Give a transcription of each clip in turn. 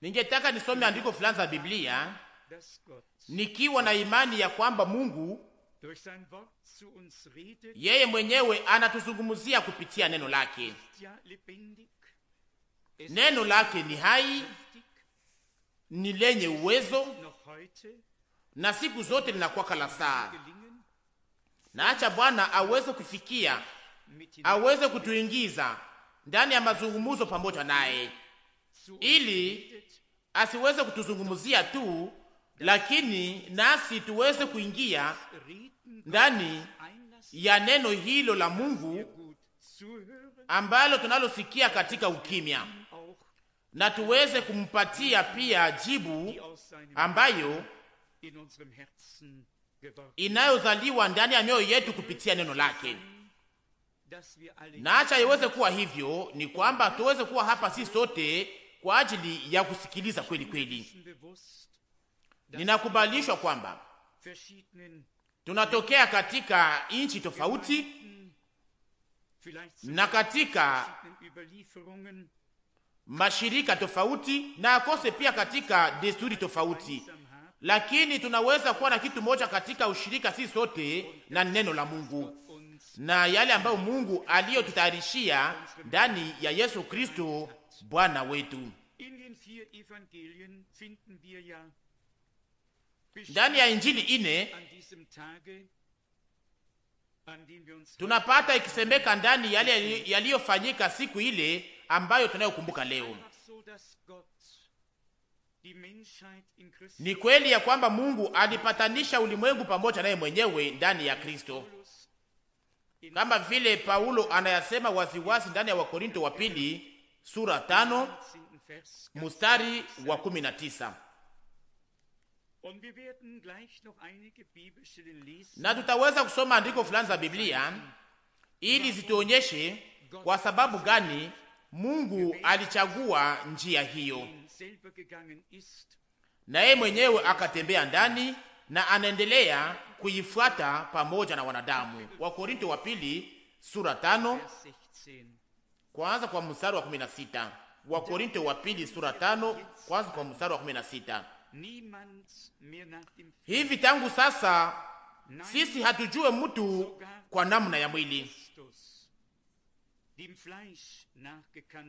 Ningetaka nisome andiko fulani za Biblia nikiwa na imani ya kwamba Mungu yeye mwenyewe anatuzungumzia kupitia neno lake. Neno lake ni hai, ni lenye uwezo, na siku zote linakuwa kala saa. Naacha Bwana aweze kufikia, aweze kutuingiza ndani ya mazungumzo pamoja naye, ili asiweze kutuzungumzia tu, lakini nasi tuweze kuingia ndani ya neno hilo la Mungu ambalo tunalosikia katika ukimya, na tuweze kumpatia pia jibu ambayo inayozaliwa ndani ya mioyo yetu kupitia neno lake na acha iweze kuwa hivyo, ni kwamba tuweze kuwa hapa sisi sote kwa ajili ya kusikiliza kweli kweli. Ninakubalishwa kwamba tunatokea katika nchi tofauti na katika mashirika tofauti na akose pia katika desturi tofauti, lakini tunaweza kuwa na kitu moja katika ushirika sisi sote na neno la Mungu na yale ambayo Mungu aliyotutayarishia ndani ya Yesu Kristo Bwana wetu. Ndani ya Injili ine tunapata ikisemeka ndani yale yaliyofanyika siku ile ambayo tunayokumbuka leo. Ni kweli ya kwamba Mungu alipatanisha ulimwengu pamoja naye mwenyewe ndani ya Kristo kama vile Paulo anayasema waziwazi ndani ya Wakorinto wa pili sura tano mustari wa kumi na tisa na tutaweza kusoma andiko fulani za Biblia ili zituonyeshe kwa sababu gani Mungu alichagua njia hiyo, na yeye mwenyewe akatembea ndani na anaendelea kuifuata pamoja na wanadamu. Wakorinto wa pili sura tano kwanza kwa mstari wa 16. Wakorinto wa pili sura tano kwanza kwa mstari wa 16. Hivi tangu sasa sisi hatujue mtu kwa namna ya mwili,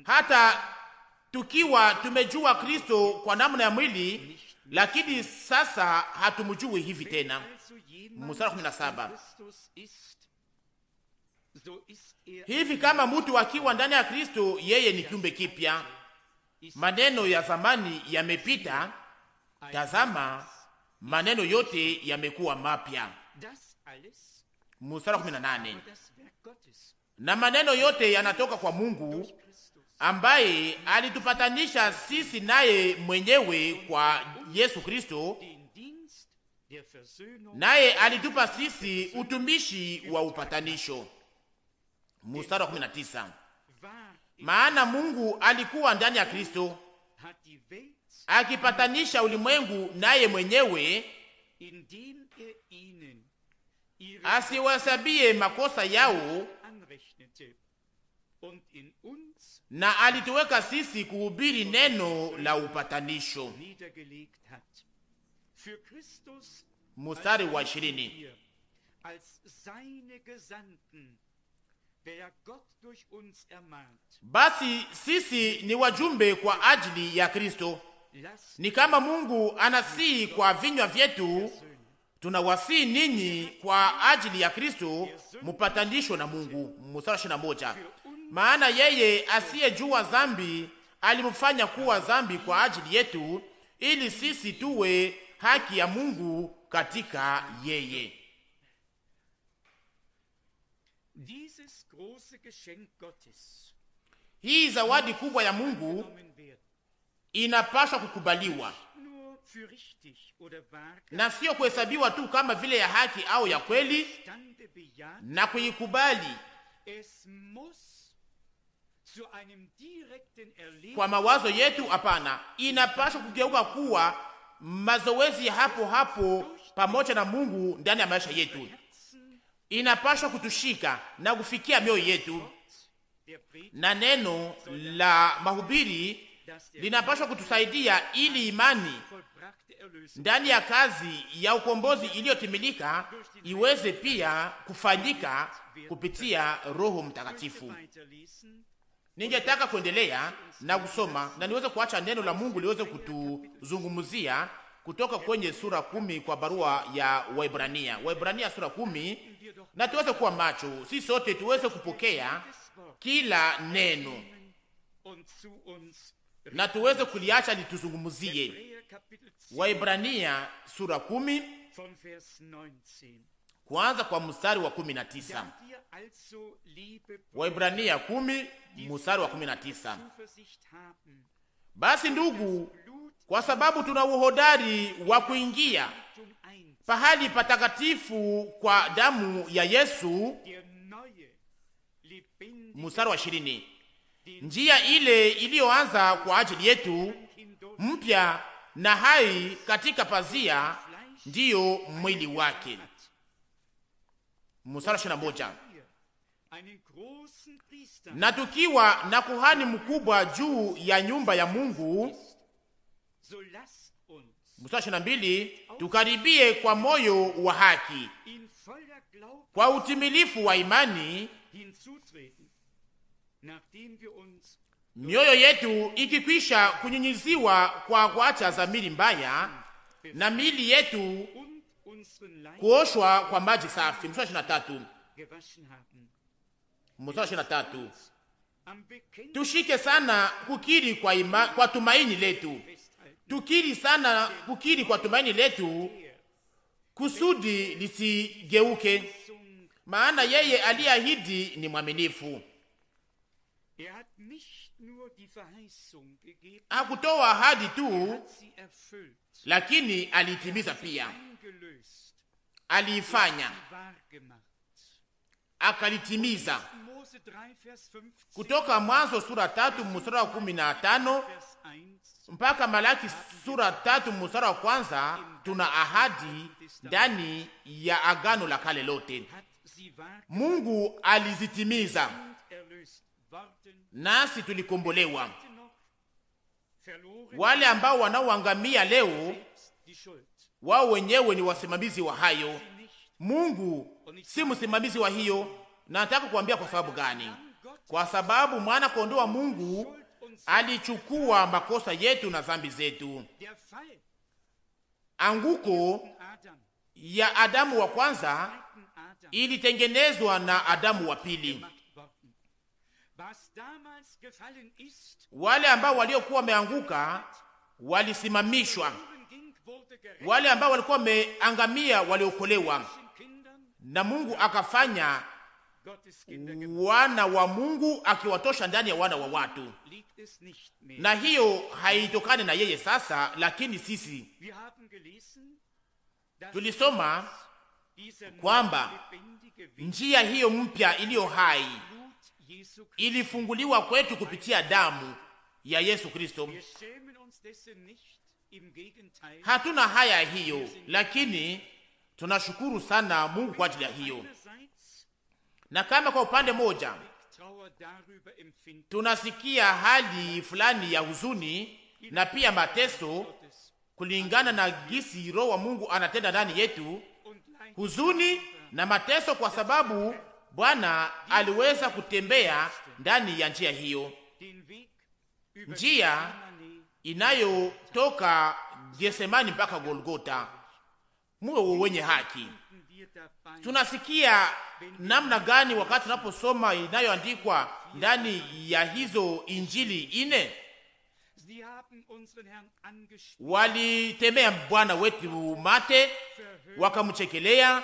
hata tukiwa tumejua Kristo kwa namna ya mwili, lakini sasa hatumjui hivi tena. Mstari kumi na saba hivi kama mtu akiwa ndani ya Kristo, yeye ni kiumbe kipya, maneno ya zamani yamepita, tazama maneno yote yamekuwa mapya. Mstari kumi na nane na maneno yote yanatoka kwa Mungu ambaye alitupatanisha sisi naye mwenyewe kwa Yesu Kristo, naye alitupa sisi utumishi wa upatanisho. Mstari wa 19, maana Mungu alikuwa ndani ya Kristo akipatanisha ulimwengu naye mwenyewe, asiwasabie makosa yao na alituweka sisi kuhubiri neno la upatanisho. Mustari wa ishirini basi sisi ni wajumbe kwa ajili ya Kristo, ni kama Mungu anasii kwa vinywa vyetu, tunawasii ninyi kwa ajili ya Kristo, mupatanisho na Mungu. Mstari ishirini na moja maana yeye asiyejua dhambi alimfanya kuwa dhambi kwa ajili yetu, ili sisi tuwe haki ya Mungu katika yeye. Hii zawadi kubwa ya Mungu inapaswa kukubaliwa na sio kuhesabiwa tu kama vile ya haki au ya kweli, na kuikubali kwa mawazo yetu? Hapana, inapaswa kugeuka kuwa mazoezi hapo hapo pamoja na Mungu ndani ya maisha yetu, inapaswa kutushika na kufikia mioyo yetu, na neno la mahubiri linapaswa kutusaidia ili imani ndani ya kazi ya ukombozi iliyotimilika iweze pia kufanyika kupitia Roho Mtakatifu. Ningetaka kuendelea na kusoma na niweze kuacha neno la Mungu liweze kutuzungumzia kutoka kwenye sura kumi kwa barua ya Waibrania, Waibrania sura kumi, na tuweze kuwa macho si sote tuweze kupokea kila neno na tuweze kuliacha lituzungumzie. Waibrania sura kumi kuanza kwa mstari wa kumi na tisa. Waibrania kumi mstari wa kumi na tisa. Basi ndugu, kwa sababu tuna uhodari wa kuingia pahali patakatifu kwa damu ya Yesu. Mstari wa ishirini, njia ile iliyoanza kwa ajili yetu mpya na hai katika pazia, ndiyo mwili wake. Mstari wa ishirini na moja na tukiwa na kuhani mkubwa juu ya nyumba ya Mungu, mstari na mbili, tukaribie kwa moyo wa haki kwa utimilifu wa imani, mioyo yetu ikikwisha kunyinyiziwa kwa kuacha zamiri mbaya hm. na mili yetu kuoshwa kwa maji safi. Mstari ishirini na tatu mstari wa 23, tushike sana kukiri kwa, ima, kwa tumaini letu, tukiri sana kukiri kwa tumaini letu kusudi lisigeuke, maana yeye aliahidi ni mwaminifu. Er Hakutoa ahadi tu, er lakini aliitimiza pia, aliifanya er akalitimiza. Kutoka Mwanzo sura tatu mstari wa kumi na tano mpaka Malaki sura tatu mstari wa kwanza tuna ahadi ndani ya agano la kale lote. Mungu alizitimiza nasi tulikombolewa. Wale ambao wanaoangamia leo wao wenyewe ni wasimamizi wa hayo. Mungu si msimamizi wa hiyo. Na nataka kuambia kwa sababu gani? Kwa sababu mwana kondoo wa Mungu alichukua makosa yetu na dhambi zetu. Anguko ya Adamu wa kwanza ilitengenezwa na Adamu wa pili. Wale ambao waliokuwa wameanguka walisimamishwa, wale ambao walikuwa wameangamia waliokolewa na Mungu akafanya wana wa Mungu akiwatosha ndani ya wana wa watu, na hiyo haitokani na yeye sasa, lakini sisi tulisoma kwamba njia hiyo mpya iliyo hai ilifunguliwa kwetu kupitia damu ya Yesu Kristo. Hatuna haya hiyo, lakini Tunashukuru sana Mungu kwa ajili ya hiyo. Na kama kwa upande moja tunasikia hali fulani ya huzuni na pia mateso kulingana na gisi Roho wa Mungu anatenda ndani yetu, huzuni na mateso, kwa sababu Bwana aliweza kutembea ndani ya njia hiyo, njia inayotoka Getsemani mpaka Golgota muwe wenye haki. Tunasikia namna gani wakati tunaposoma inayoandikwa ndani ya hizo injili ine, walitemea Bwana wetu mate, wakamchekelea,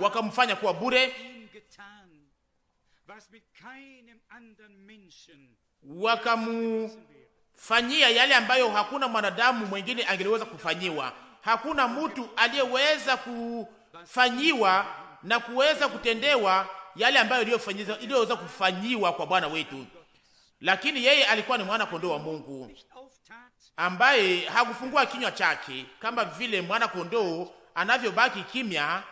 wakamfanya kuwa bure, wakamufanyia yale ambayo hakuna mwanadamu mwengine angeliweza kufanyiwa hakuna mtu aliyeweza kufanyiwa na kuweza kutendewa yale ambayo iliyoweza kufanyiwa kwa Bwana wetu, lakini yeye alikuwa ni mwana kondoo wa Mungu ambaye hakufungua kinywa chake, kama vile mwana kondoo anavyobaki kimya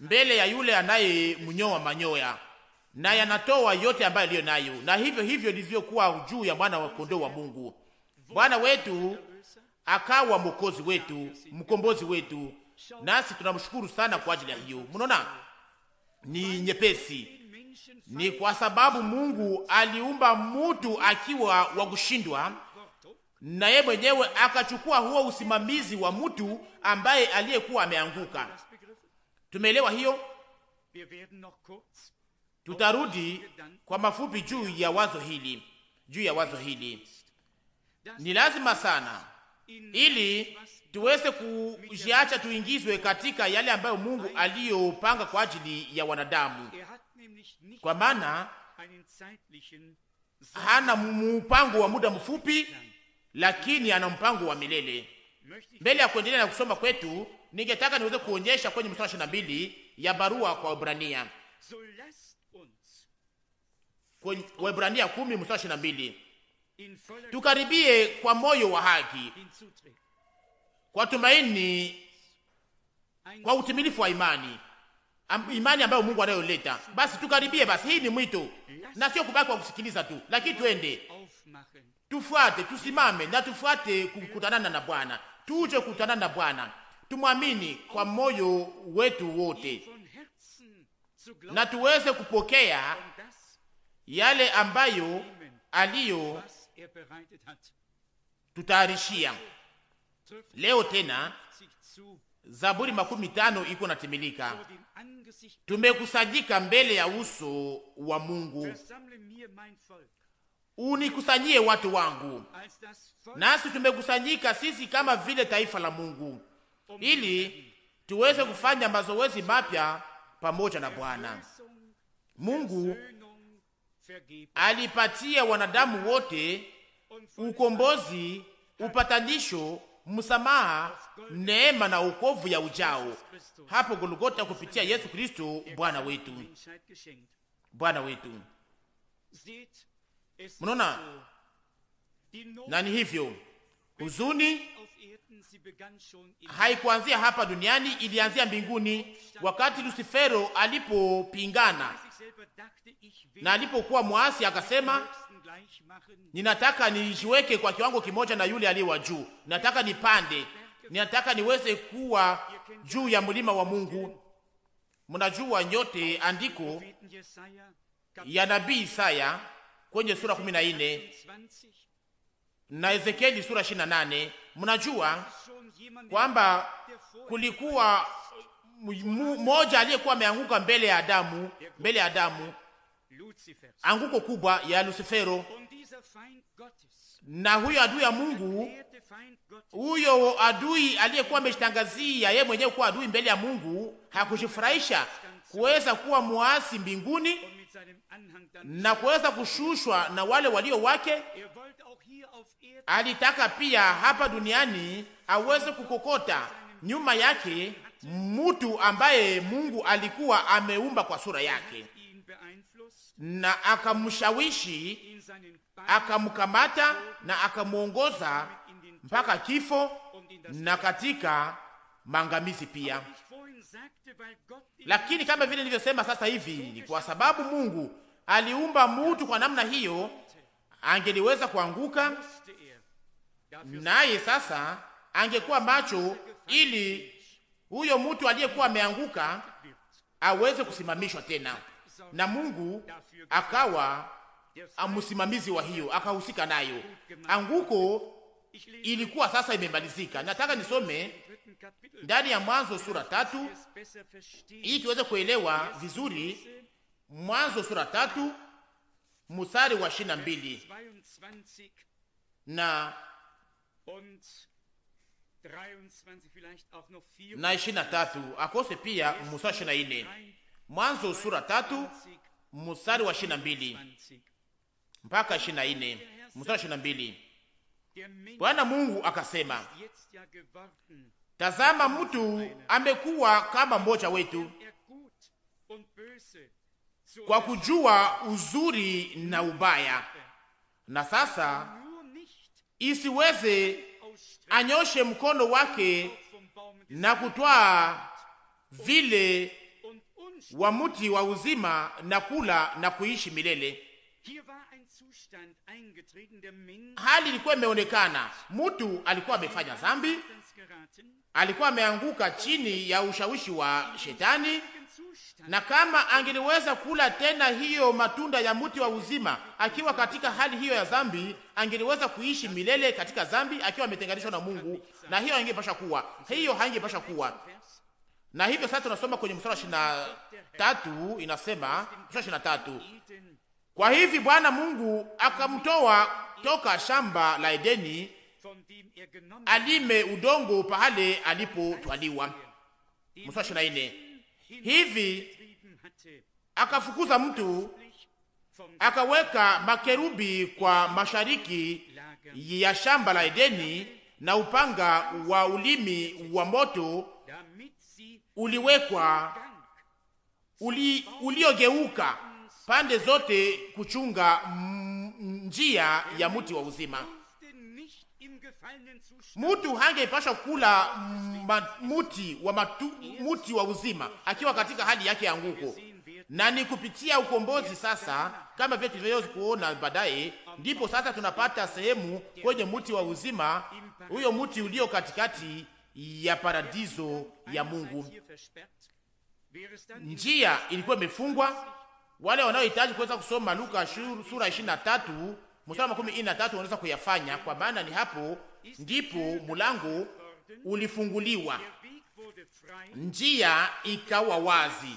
mbele ya yule anayemnyoa manyoya, na yanatoa yote ambayo aliyo nayo, na hivyo hivyo ilivyokuwa juu ya mwana wa kondoo wa Mungu. Bwana wetu akawa mwokozi wetu, mkombozi wetu, nasi tunamshukuru sana kwa ajili ya hiyo. Mnaona ni nyepesi, ni kwa sababu Mungu aliumba mutu akiwa wa kushindwa, na yeye mwenyewe akachukua huo usimamizi wa mtu ambaye aliyekuwa ameanguka. Tumeelewa hiyo. Tutarudi kwa mafupi juu ya wazo hili, juu ya wazo hili. Ni lazima sana ili tuweze kujiacha tuingizwe katika yale ambayo Mungu aliyopanga kwa ajili ya wanadamu, er kwa maana hana mpango wa muda mfupi, lakini ana mpango wa milele. Mbele ya kuendelea na kusoma kwetu, ningetaka niweze kuonyesha kwenye mstari ishirini na mbili ya barua kwa Waebrania, Waebrania kumi mstari ishirini na mbili tukaribie kwa moyo wa haki, kwa tumaini, kwa utimilifu wa imani Am, imani ambayo Mungu anayoleta. Basi tukaribie basi, hii ni mwito na sio kubaki kwa kusikiliza tu, lakini twende tufuate, tusimame na tufuate kukutanana na Bwana, tuje kukutanana na Bwana, tumwamini kwa moyo wetu wote na tuweze kupokea yale ambayo aliyo tutayarishia leo tena. Zaburi makumi tano iko natimilika, tumekusanyika mbele ya uso wa Mungu. Unikusanyie watu wangu, nasi tumekusanyika sisi kama vile taifa la Mungu, um ili tuweze kufanya mazoezi mapya pamoja na Bwana Mungu alipatia wanadamu wote ukombozi, upatanisho, msamaha, neema na ukovu ya ujao hapo Golgota kupitia Yesu Kristo Bwana wetu, Bwana wetu. Mnaona, nani hivyo huzuni haikuanzia hapa duniani, ilianzia mbinguni, wakati lusifero alipopingana na alipokuwa mwasi, akasema ninataka nijiweke kwa kiwango kimoja na yule aliye wa juu, ninataka nipande, ninataka niweze kuwa juu ya mlima wa Mungu. Mnajua nyote andiko ya nabii Isaya kwenye sura 14 na Ezekieli sura 28 Mnajua kwamba kulikuwa mmoja aliyekuwa ameanguka mbele ya Adamu, mbele ya Adamu, anguko kubwa ya lusifero na huyo adui ya Mungu, huyo adui aliyekuwa ameshitangazia yeye mwenyewe kuwa adui mbele ya Mungu, hakujifurahisha kuweza kuwa mwasi mbinguni na kuweza kushushwa na wale walio wake alitaka pia hapa duniani aweze kukokota nyuma yake mtu ambaye Mungu alikuwa ameumba kwa sura yake, na akamshawishi, akamkamata na akamwongoza mpaka kifo na katika maangamizi pia. Lakini kama vile nilivyosema sasa hivi, ni kwa sababu Mungu aliumba mtu kwa namna hiyo angeliweza kuanguka, naye sasa angekuwa macho ili huyo mtu aliyekuwa ameanguka aweze kusimamishwa tena, na Mungu akawa msimamizi wa hiyo, akahusika nayo. Anguko ilikuwa sasa imemalizika. Nataka nisome ndani ya Mwanzo sura tatu ili tuweze kuelewa vizuri. Mwanzo sura tatu mstari wa ishirini na mbili na na ishirini na tatu akose pia mstari wa ishirini na nne Mwanzo sura tatu musari wa ishirini na mbili mpaka ishirini na nne mstari wa ishirini na mbili Bwana Mungu akasema, tazama, mtu amekuwa kama mmoja wetu kwa kujua uzuri na ubaya, na sasa isiweze anyoshe mkono wake na kutwaa vile wa muti wa uzima na kula na kuishi milele. Hali ilikuwa imeonekana, mtu alikuwa amefanya dhambi, alikuwa ameanguka chini ya ushawishi wa shetani na kama angeliweza kula tena hiyo matunda ya mti wa uzima akiwa katika hali hiyo ya zambi, angeliweza kuishi milele katika zambi akiwa ametenganishwa na Mungu, na hiyo haingepasha kuwa, hiyo haingepasha kuwa. Na hivyo sasa tunasoma kwenye mstari wa tatu, inasema mstari wa 23, kwa hivi Bwana Mungu akamtoa toka shamba la Edeni alime udongo pahale alipotwaliwa. Mstari wa hivi akafukuza mtu akaweka makerubi kwa mashariki ya shamba la Edeni, na upanga wa ulimi wa moto uliwekwa uli, uliogeuka pande zote kuchunga njia ya mti wa uzima. Mutu hangepasha kula muti wa matu, muti wa uzima akiwa katika hali yake ya nguko, na ni kupitia ukombozi sasa, kama vile tulivyoweza kuona baadaye, ndipo sasa tunapata sehemu kwenye muti wa uzima, huyo muti ulio katikati ya paradizo ya Mungu. Njia ilikuwa imefungwa. Wale wanaohitaji kuweza kusoma Luka sura 23 mstari wa 13 wanaweza kuyafanya, kwa maana ni hapo ndipo mlango ulifunguliwa, njia ikawa wazi,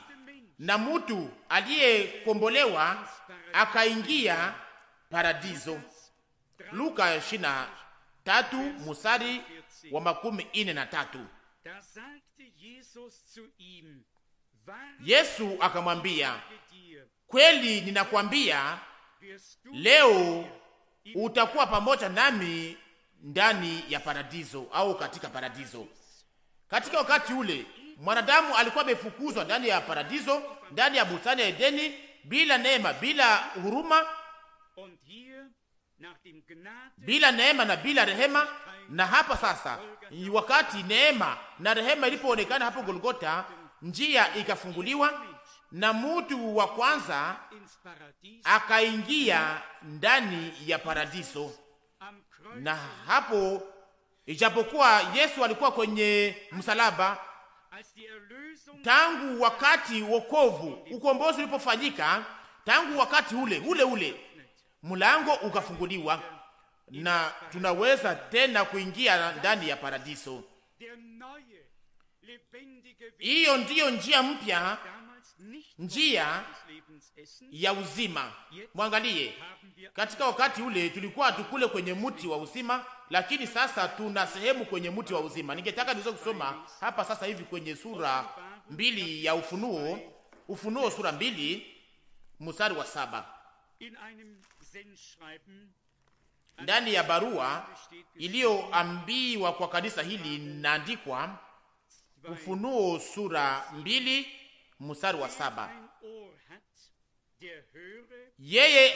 na mtu aliyekombolewa akaingia paradizo Luka ishirini tatu musari wa makumi ine na tatu. Yesu akamwambia, kweli ninakwambia, leo utakuwa pamoja nami ndani ya paradizo au katika paradizo Katika wakati ule mwanadamu alikuwa amefukuzwa ndani ya paradiso, ndani ya bustani ya Edeni, bila neema, bila huruma, bila neema na bila rehema. Na hapa sasa, wakati neema na rehema ilipoonekana hapo Golgota, njia ikafunguliwa na mutu wa kwanza akaingia ndani ya paradiso na hapo, ijapokuwa Yesu alikuwa kwenye msalaba, tangu wakati wokovu, ukombozi ulipofanyika, tangu wakati ule ule ule mlango ukafunguliwa na tunaweza tena kuingia ndani ya paradiso. Hiyo ndiyo njia mpya, njia ya uzima. Mwangalie, katika wakati ule tulikuwa tukule kwenye mti wa uzima, lakini sasa tuna sehemu kwenye mti wa uzima. Ningetaka niweze kusoma hapa sasa hivi kwenye sura mbili ya Ufunuo, Ufunuo sura mbili mstari wa saba ndani ya barua iliyoambiwa kwa kanisa hili inaandikwa, Ufunuo sura mbili mstari wa saba yeye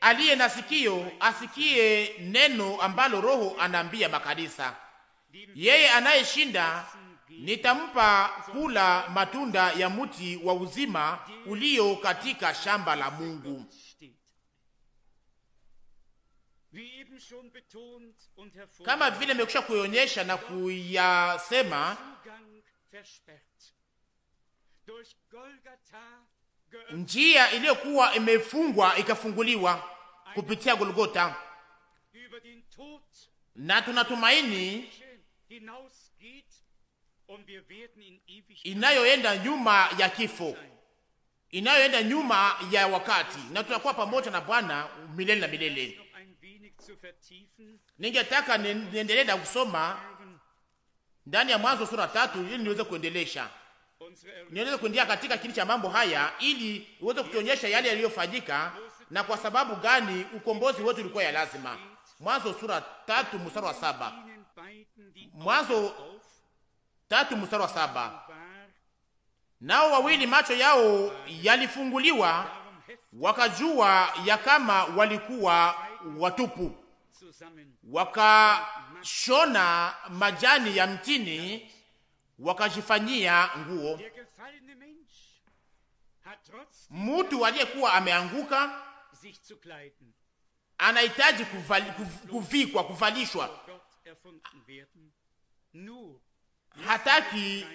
aliye na sikio asikie neno ambalo Roho anaambia makanisa. Yeye anayeshinda nitampa kula matunda ya mti wa uzima ulio katika shamba la Mungu. Kama vile nimekwisha kuionyesha na kuyasema njia iliyokuwa imefungwa ikafunguliwa kupitia Golgota, na tunatumaini inayoenda nyuma ya kifo, inayoenda nyuma ya wakati, na tunakuwa pamoja na Bwana milele na milele. Ningetaka niendelee na kusoma ndani ya Mwanzo sura tatu ili niweze kuendelesha niweze kuingia katika kini cha mambo haya, ili uweze kutuonyesha yale yaliyofanyika na kwa sababu gani ukombozi wetu ulikuwa ya lazima. Mwanzo sura tatu mstari wa saba. Mwanzo tatu mstari wa saba. Nao wawili macho yao yalifunguliwa wakajua ya kama walikuwa watupu, wakashona majani ya mtini wakajifanyia nguo. Mtu aliyekuwa ameanguka anahitaji kuvikwa kuvalishwa, hataki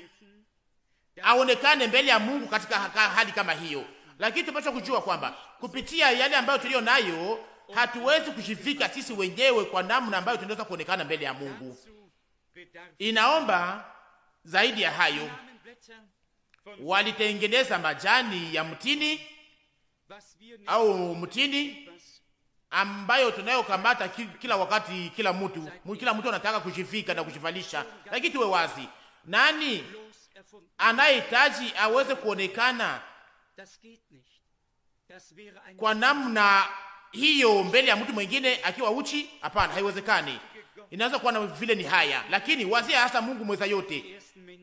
aonekane mbele ya Mungu katika hali kama hiyo. Lakini tunapaswa kujua kwamba kupitia yale ambayo tuliyo nayo hatuwezi kujivika sisi wenyewe kwa namna ambayo tunaweza kuonekana mbele ya Mungu. Inaomba zaidi ya hayo, walitengeneza majani ya mtini au mtini ambayo tunayokamata kila wakati, kila mtu, kila mtu anataka kujivika na kujivalisha Lakini tuwe wazi, nani anayehitaji aweze kuonekana kwa namna hiyo mbele ya mtu mwingine akiwa uchi? Hapana, haiwezekani. Inaweza kuwa na vile ni haya, lakini wazia hasa Mungu mweza yote,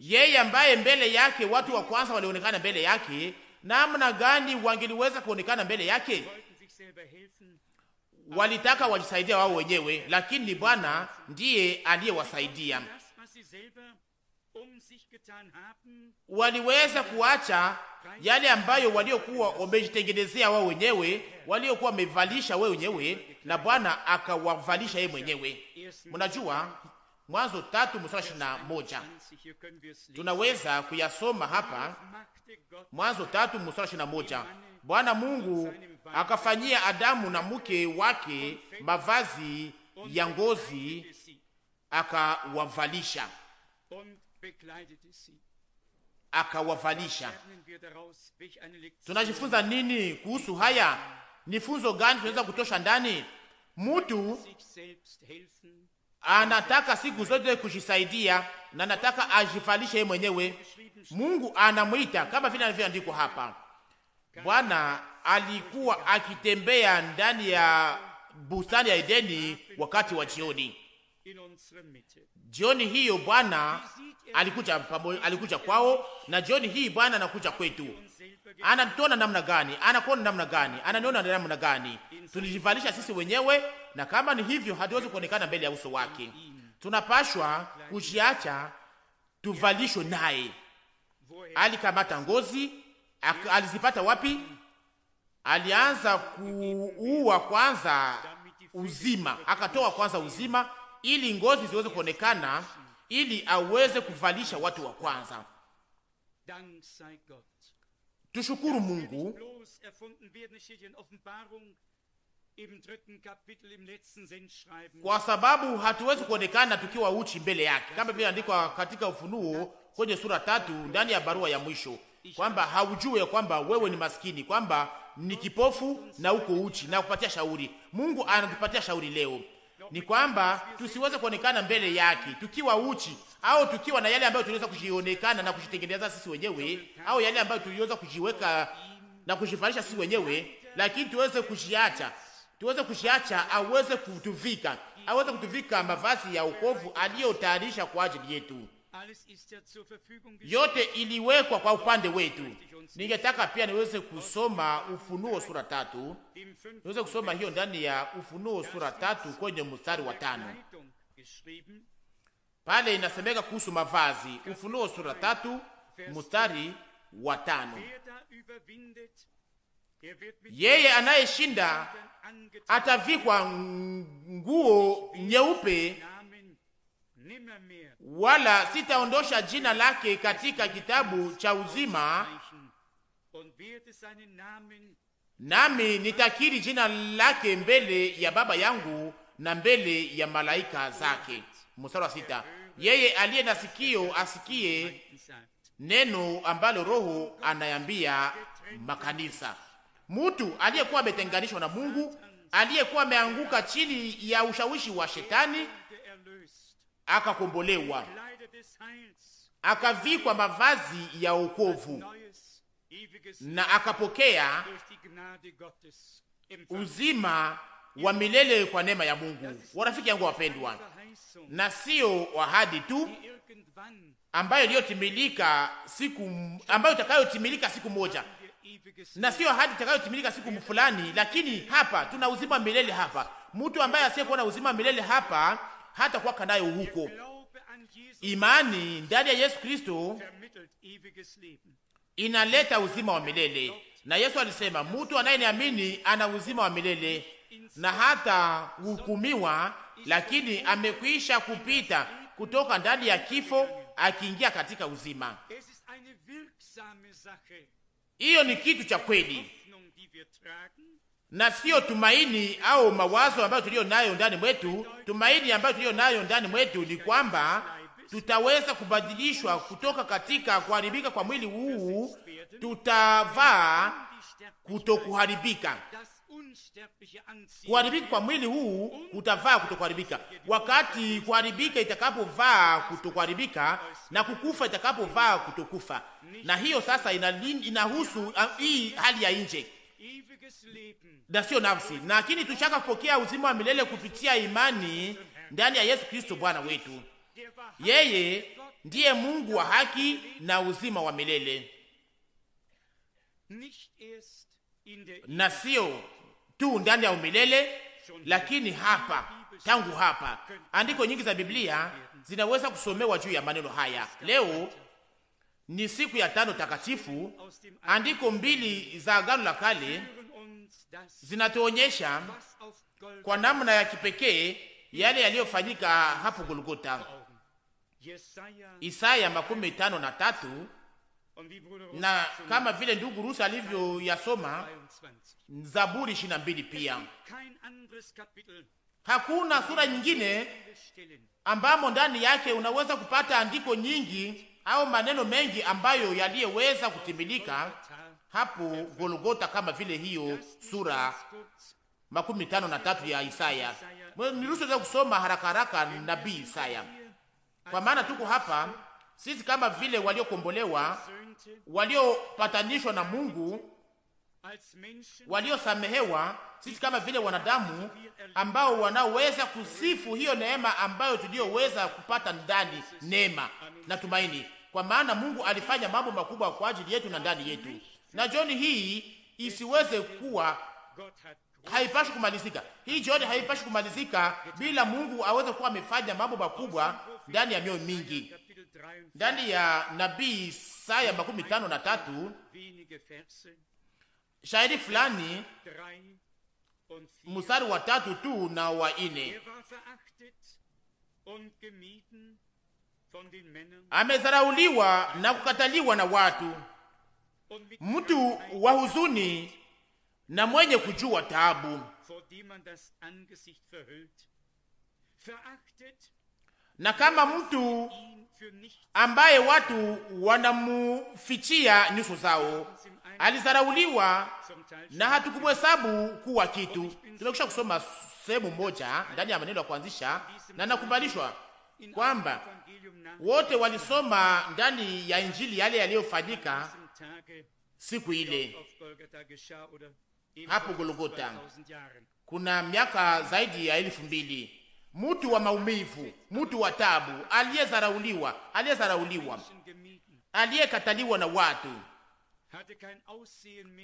yeye ambaye mbele yake watu wa kwanza walionekana mbele yake, namna gani wangeliweza kuonekana mbele yake? Walitaka wajisaidia wao wenyewe, lakini Bwana ndiye aliyewasaidia waliweza kuacha yale ambayo waliokuwa wamejitengenezea wao wenyewe, waliokuwa wamevalisha wao wenyewe, na Bwana akawavalisha yeye mwenyewe. Mnajua Mwanzo tatu mstari ishirini na moja tunaweza kuyasoma hapa. Mwanzo tatu mstari ishirini na moja Bwana Mungu akafanyia Adamu na mke wake mavazi ya ngozi akawavalisha akawavalisha. Tunajifunza nini kuhusu haya? Ni funzo gani tunaweza kutosha ndani? Mtu anataka siku zote kujisaidia na anataka ajivalishe yeye mwenyewe. Mungu anamwita kama vile alivyoandikwa hapa, Bwana alikuwa akitembea ndani ya bustani ya Edeni wakati wa jioni. Jioni hiyo Bwana alikuja pamoja, alikuja kwao, na jioni hii Bwana anakuja kwetu. Anatuona namna gani? Anakuona namna gani? Ananiona namna gani? Tulijivalisha sisi wenyewe, na kama ni hivyo, hatuwezi kuonekana mbele ya uso wake. Tunapashwa kujiacha tuvalishwe naye. Alikamata ngozi, alizipata wapi? Alianza kuua kwanza uzima, akatoa kwanza uzima ili ngozi ziweze kuonekana ili aweze kuvalisha watu wa kwanza. Tushukuru Mungu. Kwa sababu hatuwezi kuonekana tukiwa uchi mbele yake, kama vile andikwa katika Ufunuo kwenye sura tatu ndani ya barua ya mwisho kwamba haujue kwamba wewe ni maskini, kwamba ni kipofu na uko uchi, na kupatia shauri. Mungu anatupatia shauri leo ni kwamba tusiweze kuonekana mbele yake tukiwa uchi au tukiwa na yale ambayo tuliweza kujionekana na kujitengeneza sisi wenyewe au yale ambayo tuliweza kujiweka na kujifanisha sisi wenyewe, lakini tuweze kujiacha, tuweze kujiacha aweze kutuvika, aweze kutuvika mavazi ya ukovu aliyotayarisha kwa ajili yetu yote iliwekwa kwa upande wetu. Ningetaka pia niweze kusoma Ufunuo sura tatu, niweze kusoma hiyo ndani ya Ufunuo sura tatu kwenye mstari wa tano pale inasemeka kuhusu mavazi. Ufunuo sura tatu mstari wa tano yeye anayeshinda atavikwa nguo nyeupe wala sitaondosha jina lake katika kitabu cha uzima, nami nitakiri jina lake mbele ya Baba yangu na mbele ya malaika zake. Mstari wa sita. Yeye aliye na sikio asikie neno ambalo Roho anayambia makanisa. Mutu aliyekuwa ametenganishwa na Mungu, aliyekuwa ameanguka chini ya ushawishi wa shetani akakombolewa, akavikwa mavazi ya wokovu na akapokea uzima wa milele kwa neema ya Mungu. Warafiki yangu wapendwa, na sio ahadi tu ambayo iliyotimilika siku ambayo itakayotimilika siku moja, na sio ahadi itakayotimilika siku fulani, lakini hapa tuna uzima wa milele hapa. Mtu ambaye asiyekuwa na uzima wa milele hapa hata kuwaka nayo huko. Imani ndani ya Yesu Kristo inaleta uzima wa milele, na Yesu alisema mtu anayeniamini ana uzima wa milele na hata hukumiwa, lakini amekwisha kupita kutoka ndani ya kifo akiingia katika uzima. Hiyo ni kitu cha kweli na sio tumaini au mawazo ambayo tuliyo nayo ndani mwetu. Tumaini ambayo tuliyo nayo ndani mwetu ni kwamba tutaweza kubadilishwa kutoka katika kuharibika kwa mwili huu, tutavaa kutokuharibika. Kuharibika kwa mwili huu kutavaa kutokuharibika, wakati kuharibika itakapovaa kutokuharibika na kukufa itakapovaa kutokufa. Na hiyo sasa inahusu ah, hii hali ya nje na sio nafsi, lakini tushaka kupokea uzima wa milele kupitia imani ndani ya Yesu Kristo Bwana wetu. Yeye ndiye Mungu wa haki na uzima wa milele, na sio tu ndani ya umilele, lakini hapa tangu hapa. Andiko nyingi za Biblia zinaweza kusomewa juu ya maneno haya. Leo ni siku ya tano takatifu. Andiko mbili za Agano la Kale zinatuonyesha kwa namna ya kipekee yale yaliyofanyika hapo Golgota. Isaya makumi tano na tatu na kama vile ndugu Rusi yasoma Zaburi ishirini na mbili pia. Hakuna sura nyingine ambamo ndani yake unaweza kupata andiko nyingi au maneno mengi ambayo yaliyeweza kutimilika hapo Golgota, kama vile hiyo sura makumi tano na tatu ya Isaya. Niruhusu za kusoma haraka haraka nabii Isaya, kwa maana tuko hapa sisi kama vile waliokombolewa, waliopatanishwa na Mungu, waliosamehewa, sisi kama vile wanadamu ambao wanaweza kusifu hiyo neema ambayo tuliyoweza kupata ndani, neema na tumaini, kwa maana Mungu alifanya mambo makubwa kwa ajili yetu na ndani yetu na jioni hii isiweze kuwa haipashi kumalizika. Hii jioni haipashi kumalizika bila Mungu aweze kuwa amefanya mambo makubwa ndani ya mioyo mingi. Ndani ya nabii Isaya makumi tano na tatu shahidi fulani mstari wa tatu tu na wa ine, amezarauliwa na kukataliwa na watu mtu wa huzuni na mwenye kujua taabu, na kama mtu ambaye watu wanamufichia nyuso zao. Alizarauliwa na hatukumhesabu kuwa kitu. Tumekwisha kusoma sehemu moja ndani ya maneno ya kuanzisha, na nakubalishwa kwamba wote walisoma ndani ya Injili yale yaliyofanyika siku ile hapo Golgota, kuna miaka zaidi ya elfu mbili mtu wa maumivu, mtu wa tabu, aliyezarauliwa, aliyezarauliwa, aliyekataliwa na watu,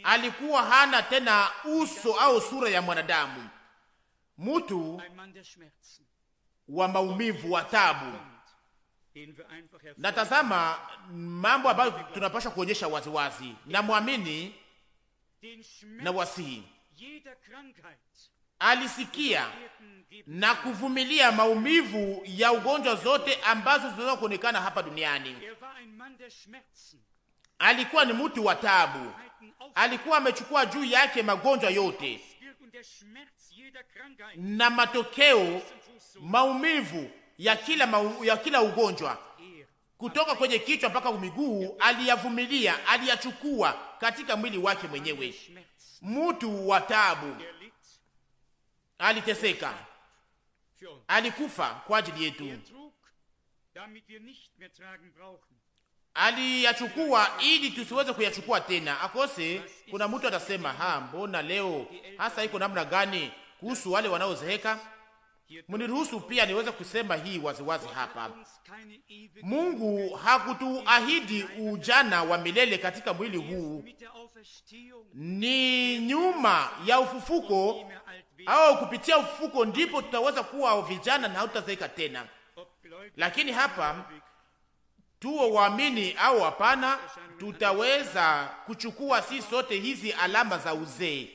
alikuwa hana tena uso au sura ya mwanadamu, mtu wa maumivu, wa tabu natazama mambo ambayo tunapaswa kuonyesha waziwazi. Namwamini na wasihi alisikia na kuvumilia maumivu ya ugonjwa zote ambazo zinaweza kuonekana hapa duniani. Er alikuwa ni mtu wa taabu, er alikuwa amechukua juu yake magonjwa yote na matokeo maumivu ya kila, ma, ya kila ugonjwa kutoka kwenye kichwa mpaka miguu, aliyavumilia aliyachukua katika mwili wake mwenyewe. Mtu wa taabu aliteseka, alikufa kwa ajili yetu, aliyachukua ili tusiweze kuyachukua tena. Akose kuna mtu atasema ha, mbona leo hasa iko namna gani kuhusu wale wanaozeheka Mniruhusu pia niweze kusema hii waziwazi wazi hapa. Mungu hakutuahidi ujana wa milele katika mwili huu, ni nyuma ya ufufuko au kupitia ufufuko ndipo tutaweza kuwa vijana na hatutazeeka tena. Lakini hapa tuwe waamini au hapana, tutaweza kuchukua si sote hizi alama za uzee.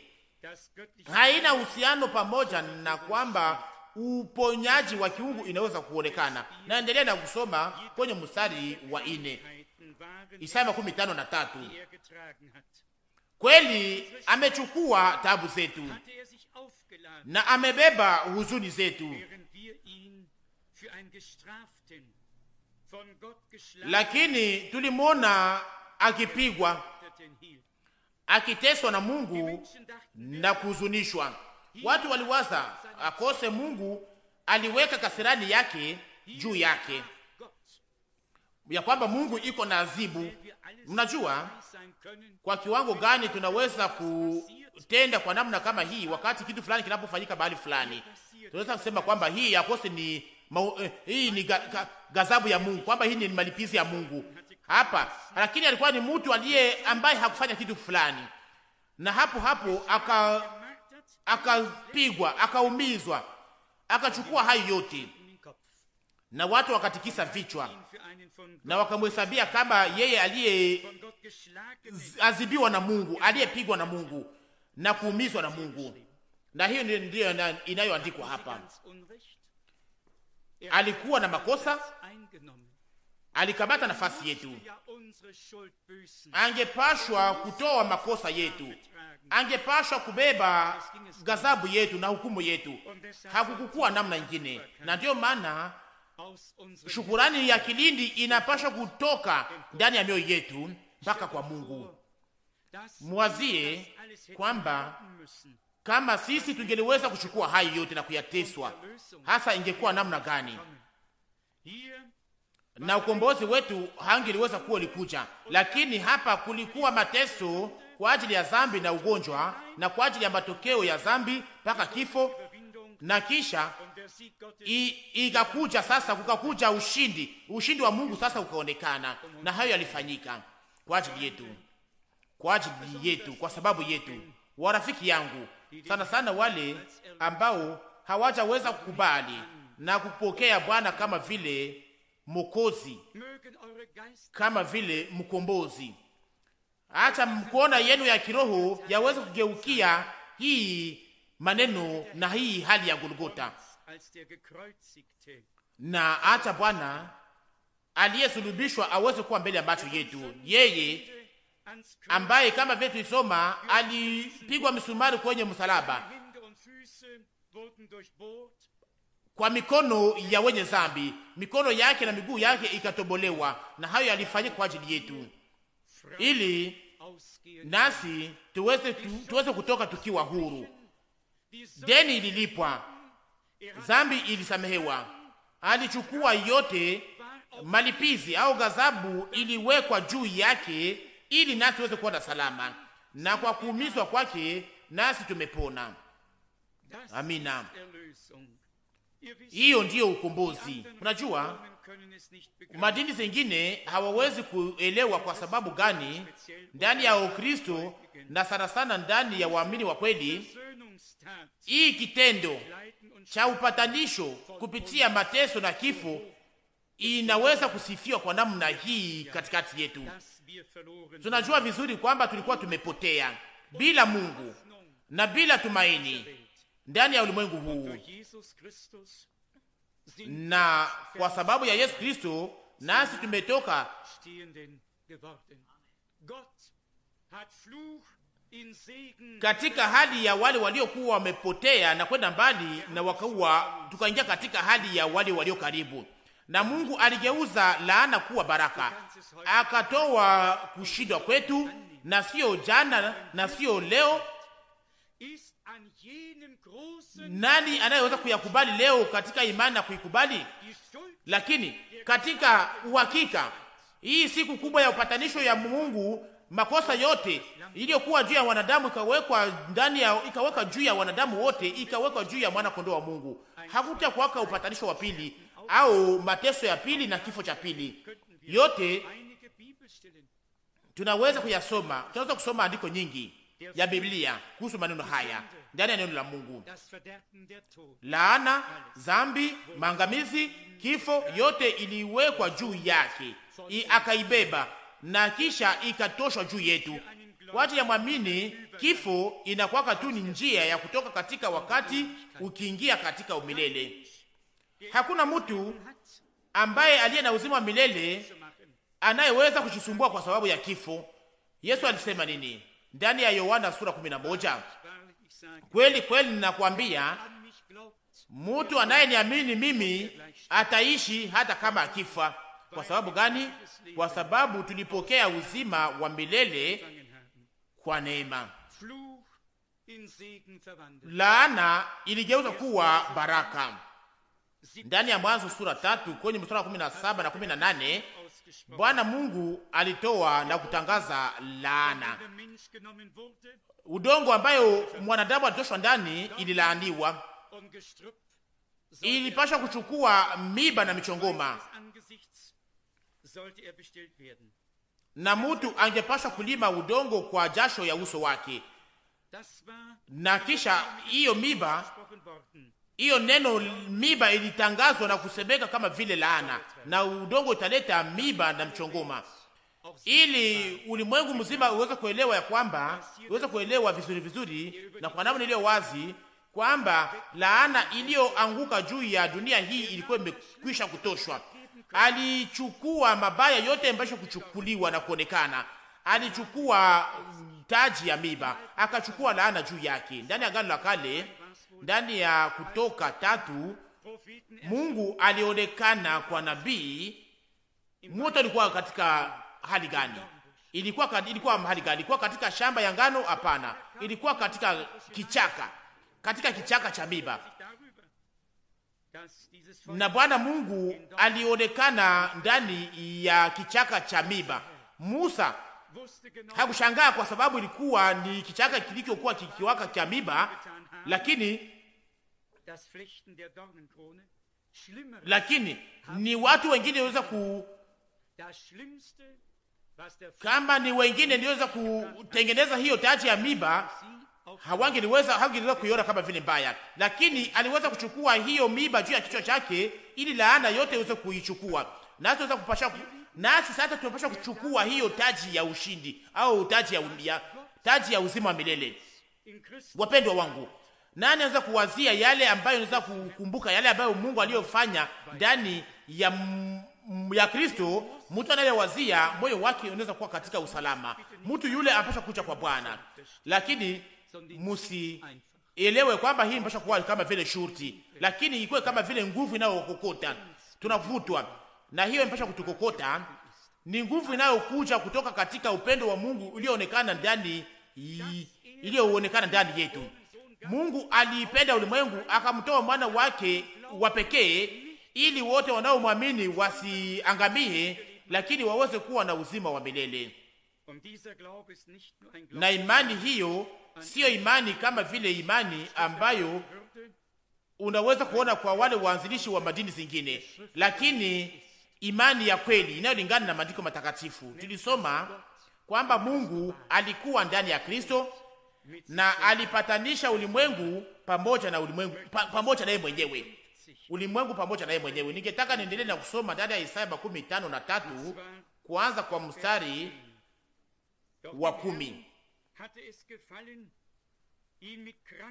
Haina uhusiano pamoja na kwamba uponyaji wa kiungu inaweza kuonekana. Naendelea na kusoma kwenye mstari wa ine, Isaya makumi tano na tatu kweli amechukua tabu zetu na amebeba huzuni zetu, lakini tulimwona akipigwa, akiteswa na Mungu na kuhuzunishwa. Watu waliwaza akose, Mungu aliweka kasirani yake juu yake, ya kwamba Mungu iko na azibu. Mnajua kwa kiwango gani tunaweza kutenda kwa namna kama hii, wakati kitu fulani kinapofanyika bahali fulani, tunaweza kusema kwamba hii akose ni ma, eh, hii ni ga, ga, gazabu ya Mungu kwamba hii ni malipizi ya Mungu hapa, lakini alikuwa ni mtu aliye ambaye hakufanya kitu fulani, na hapo hapo aka akapigwa, akaumizwa, akachukua hayo yote, na watu wakatikisa vichwa na wakamhesabia kama yeye azibiwa na Mungu, aliyepigwa na Mungu na kuumizwa na Mungu. Na hiyo ndiyo inayoandikwa hapa, alikuwa na makosa alikamata nafasi yetu, angepashwa kutoa makosa yetu, angepashwa kubeba gazabu yetu na hukumu yetu. Hakukukuwa namna ingine na ndiyo maana shukurani ya kilindi inapashwa kutoka ndani ya mioyo yetu mpaka kwa Mungu. Mwazie kwamba kama sisi tungeliweza kuchukua hayo yote na kuyateswa, hasa ingekuwa namna gani? na ukombozi wetu hangeliweza kuwa likuja lakini hapa kulikuwa mateso kwa ajili ya zambi na ugonjwa na kwa ajili ya matokeo ya zambi mpaka kifo, na kisha ikakuja sasa, kukakuja ushindi. Ushindi wa Mungu sasa ukaonekana, na hayo yalifanyika kwa ajili yetu, kwa ajili yetu, kwa sababu yetu. Warafiki yangu sana sana, wale ambao hawajaweza kukubali na kupokea Bwana kama vile mokozi kama vile mkombozi. Acha mkuona yenu ya kiroho yaweze kugeukia hii maneno na hii hali ya Golgota, na acha Bwana aliyesulubishwa aweze kuwa mbele ya macho yetu, yeye ambaye kama vile tulisoma alipigwa misumari kwenye msalaba kwa mikono ya wenye zambi, mikono yake na miguu yake ikatobolewa, na hayo yalifanyika kwa ajili yetu, ili nasi tuweze, tu, tuweze kutoka tukiwa huru. Deni ililipwa, zambi ilisamehewa, alichukua yote malipizi au ghadhabu iliwekwa juu yake, ili nasi tuweze kuwa na salama, na kwa kuumizwa kwake nasi tumepona. Amina. Hiyo ndiyo ukombozi. Unajua, madini zingine hawawezi kuelewa kwa sababu gani ndani ya Ukristo na sana sana ndani ya waamini wa kweli, hii kitendo cha upatanisho kupitia mateso na kifo inaweza kusifiwa kwa namna hii katikati yetu. Tunajua vizuri kwamba tulikuwa tumepotea bila Mungu na bila tumaini ndani ya ulimwengu huu, na kwa sababu ya Yesu Kristo nasi tumetoka katika hali ya wale waliokuwa wamepotea na kwenda mbali na wakaua, tukaingia katika hali ya wale walio karibu na Mungu. Aligeuza laana kuwa baraka, akatoa kushindwa kwetu, na sio jana na sio leo nani anayeweza kuyakubali leo katika imani na kuikubali? Lakini katika uhakika hii siku kubwa ya upatanisho ya Mungu, makosa yote iliyokuwa juu ya wanadamu ikawekwa ndani ya ikaweka juu ya wanadamu wote, ikawekwa juu ya mwana kondoo wa Mungu. hakuta kuwaka upatanisho wa pili au mateso ya pili na kifo cha pili. Yote tunaweza kuyasoma, tunaweza kusoma andiko nyingi ya Biblia kuhusu maneno haya ndani ya neno la Mungu. Laana, zambi, maangamizi, kifo, yote iliwekwa juu yake, akaibeba na kisha ikatoshwa juu yetu. Kwa ajili ya mwamini, kifo inakuwa tu ni njia ya kutoka katika wakati ukiingia katika umilele. Hakuna mtu ambaye aliye na uzima wa milele anayeweza kujisumbua kwa sababu ya kifo. Yesu alisema nini ndani ya Yohana sura 11? Kweli kweli ninakwambia, mtu anayeniamini mimi ataishi hata kama akifa. Kwa sababu gani? Kwa sababu tulipokea uzima wa milele kwa neema. Laana iligeuza kuwa baraka. Ndani ya Mwanzo sura tatu kwenye mstari wa kumi na saba na kumi na nane Bwana Mungu alitoa na kutangaza laana udongo ambayo mwanadamu alitoshwa ndani ililaaniwa, ilipashwa kuchukua miba na michongoma, na mutu angepashwa kulima udongo kwa jasho ya uso wake, na kisha hiyo miba hiyo neno miba ilitangazwa na kusemeka kama vile laana, na udongo italeta miba na mchongoma ili ulimwengu mzima uweze kuelewa ya kwamba uweze kuelewa vizuri vizuri na kwa namna iliyo wazi kwamba laana iliyoanguka juu ya dunia hii ilikuwa imekwisha kutoshwa. Alichukua mabaya yote ambayo kuchukuliwa na kuonekana, alichukua mm, taji ya miba, akachukua laana juu yake. Ndani ya Agano la Kale, ndani ya Kutoka tatu, Mungu alionekana kwa nabii. Moto alikuwa katika hali gani? Ilikuwa, ilikuwa mahali gani? Ilikuwa katika shamba ya ngano? Hapana, ilikuwa katika kichaka, katika kichaka cha miba. Na Bwana Mungu alionekana ndani ya kichaka cha miba. Musa hakushangaa kwa sababu ilikuwa ni kichaka kilichokuwa kikiwaka cha miba, lakini lakini ni watu wengine waweza ku kama ni wengine niweza kutengeneza hiyo taji ya miba, hawangeliweza hawangeliweza kuiona kama vile mbaya, lakini aliweza kuchukua hiyo miba juu ya kichwa chake ili laana yote iweze kuichukua, nasi weza kupasha nasi sasa tunapasha kuchukua hiyo taji ya ushindi au taji ya, umbia, taji ya uzima wa milele. Wapendwa wangu, nani anaweza kuwazia yale ambayo unaweza kukumbuka yale ambayo Mungu aliyofanya ndani ya, ya Kristo Mtu anayewazia moyo wake unaweza kuwa katika usalama, mtu yule anapaswa kucha kwa Bwana, lakini musielewe kwamba hii inapaswa kuwa kama vile shurti, lakini ikuwe kama vile nguvu inayokokota tunavutwa na hiyo, inapaswa kutukokota. Ni nguvu inayokuja kutoka katika upendo wa Mungu ulioonekana ndani iliyoonekana ndani yetu. Mungu aliipenda ulimwengu akamtoa mwana wake wa pekee ili wote wanaomwamini wasiangamie lakini waweze kuwa na uzima wa milele. Na imani hiyo siyo imani kama vile imani ambayo unaweza kuona kwa wale waanzilishi wa madini zingine, lakini imani ya kweli inayolingana na maandiko matakatifu. Tulisoma kwamba Mungu alikuwa ndani ya Kristo na alipatanisha ulimwengu pamoja na ulimwengu, pamoja naye mwenyewe ulimwengu pamoja naye mwenyewe. Ningetaka niendelee na kusoma dada ya Isaya makumi tano na tatu kuanza kwa mstari wa kumi.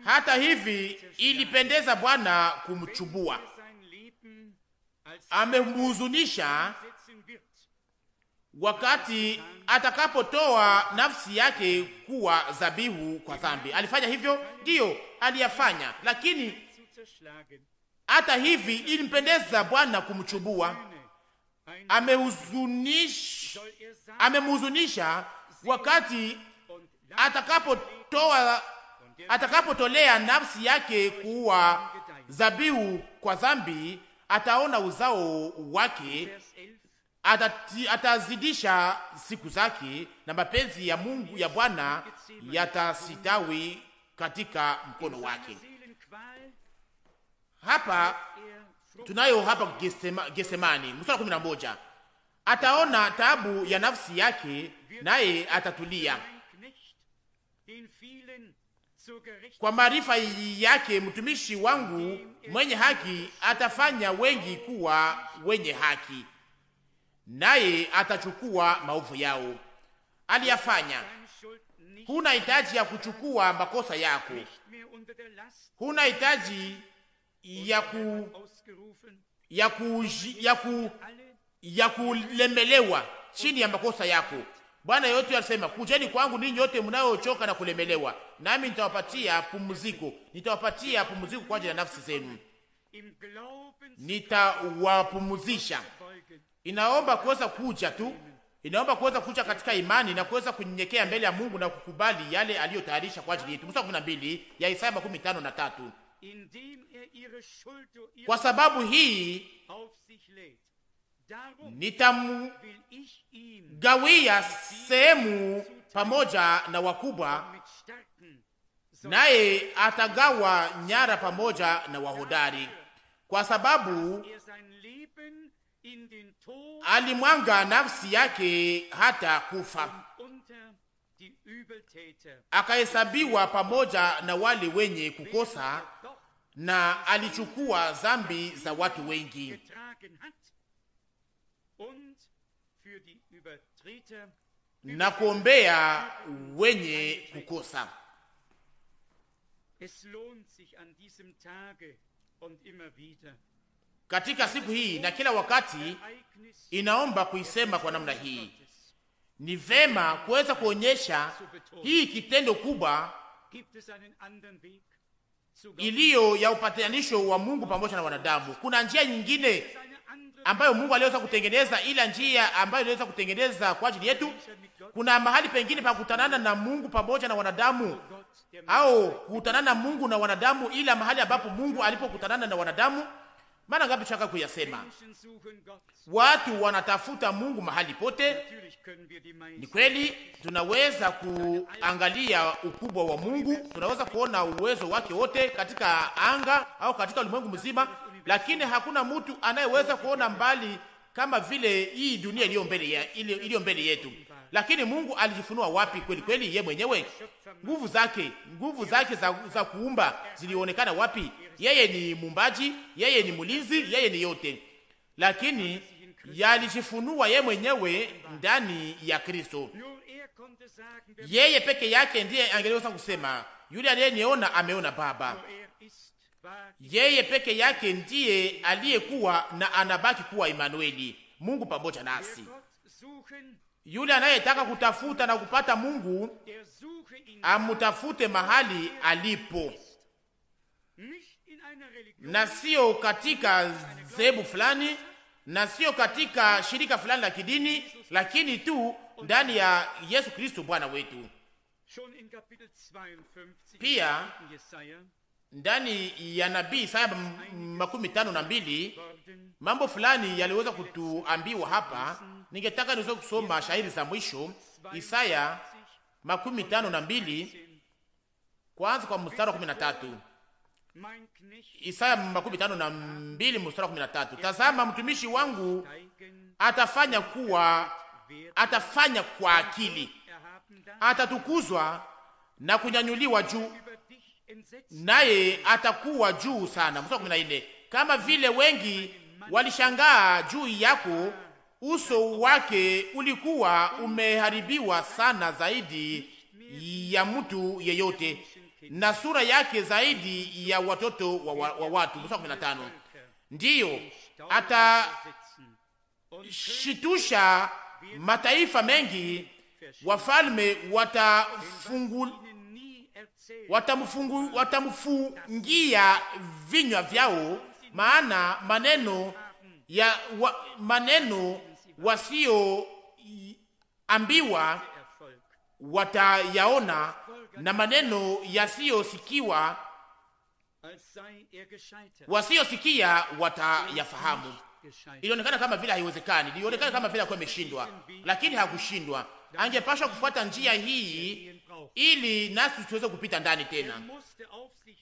Hata hivi ilipendeza Bwana kumchubua, amemhuzunisha wakati atakapotoa nafsi yake kuwa dhabihu kwa dhambi. Alifanya hivyo, ndiyo aliyafanya, lakini hata hivi ilimpendeza Bwana kumchubua, amehuzunisha, amemhuzunisha wakati atakapotoa atakapotolea nafsi yake kuwa zabihu kwa dhambi, ataona uzao wake atazidisha siku zake na mapenzi ya Mungu ya Bwana yatasitawi katika mkono wake hapa tunayo hapa Gesema, Gesemani mstari kumi na moja ataona taabu ya nafsi yake naye atatulia kwa maarifa yake mtumishi wangu mwenye haki atafanya wengi kuwa wenye haki, naye atachukua maovu yao. Aliyafanya. Huna hitaji ya kuchukua makosa yako, huna hitaji ya ku ya ku ya ku ya kulemelewa chini ya makosa yako. Bwana yote alisema, kujeni kwangu ninyi yote mnayochoka na kulemelewa, nami nitawapatia pumziko, nitawapatia pumziko kwa ajili ya nafsi zenu, nitawapumzisha. Inaomba kuweza kuja tu, inaomba kuweza kuja katika imani na kuweza kunyenyekea mbele ya Mungu na kukubali yale aliyotayarisha kwa ajili yetu. Mstari wa 12 ya Isaya 53 na tatu. Er kwa sababu hii nitamgawia sehemu pamoja na wakubwa, naye er atagawa nyara pamoja na wahodari, kwa sababu er alimwanga nafsi yake hata kufa, akahesabiwa pamoja na wale wenye kukosa na alichukua dhambi za watu wengi na kuombea wenye kukosa. Katika siku hii na kila wakati inaomba kuisema kwa namna hii, ni vema kuweza kuonyesha hii kitendo kubwa iliyo ya upatanisho wa Mungu pamoja na wanadamu. Kuna njia nyingine ambayo Mungu aliweza kutengeneza, ila njia ambayo iliweza kutengeneza kwa ajili yetu. Kuna mahali pengine pa kukutanana na Mungu pamoja na wanadamu, au kukutanana na Mungu na wanadamu, ila mahali ambapo Mungu alipokutanana na wanadamu mara ngapi tunataka kuyasema, watu wanatafuta Mungu mahali pote. Ni kweli, tunaweza kuangalia ukubwa wa Mungu, tunaweza kuona uwezo wake wote katika anga au katika ulimwengu mzima, lakini hakuna mtu anayeweza kuona mbali kama vile hii dunia iliyo mbele ya iliyo mbele yetu. Lakini Mungu alijifunua wapi kweli kweli? Ye mwenyewe, nguvu zake, nguvu zake za, za kuumba zilionekana wapi? yeye ni mumbaji, yeye ni mulinzi yeye ni yote, lakini yalijifunua yeye mwenyewe ndani ya Kristo. Yeye peke yake ndiye angeliweza kusema, yule aliyeniona ameona Baba. Yeye peke yake ndiye aliyekuwa na anabaki kuwa Emanueli, Mungu pamoja nasi. Yule anayetaka kutafuta na kupata Mungu amutafute mahali alipo na sio katika zebu fulani na sio katika shirika fulani la kidini, lakini tu ndani ya Yesu Kristo Bwana wetu. Pia ndani ya nabii Isaya makumi tano na mbili mambo fulani yaliweza kutuambiwa hapa. Ningetaka niweze kusoma shairi za mwisho Isaya makumi tano na mbili kwanza kwa mstari wa kumi na tatu. Isaya makumi tano na mbili mstari kumi na tatu tazama mtumishi wangu atafanya kuwa atafanya kwa akili, atatukuzwa na kunyanyuliwa juu, naye atakuwa juu sana. Mstari kumi na nne kama vile wengi walishangaa juu yako, uso wake ulikuwa umeharibiwa sana zaidi ya mtu yeyote na sura yake zaidi ya watoto wa, wa, wa watu. Mstari kumi na tano ndiyo atashitusha mataifa mengi, wafalme watafungu watamfungu watamfungia vinywa vyao, maana maneno ya wa, maneno wasio ambiwa watayaona na maneno yasiyosikiwa wasiyosikia watayafahamu. Ilionekana kama vile haiwezekani, ilionekana kama vile akuwa ameshindwa, lakini hakushindwa. Angepashwa kufuata njia hii ili nasi tuweze kupita ndani tena.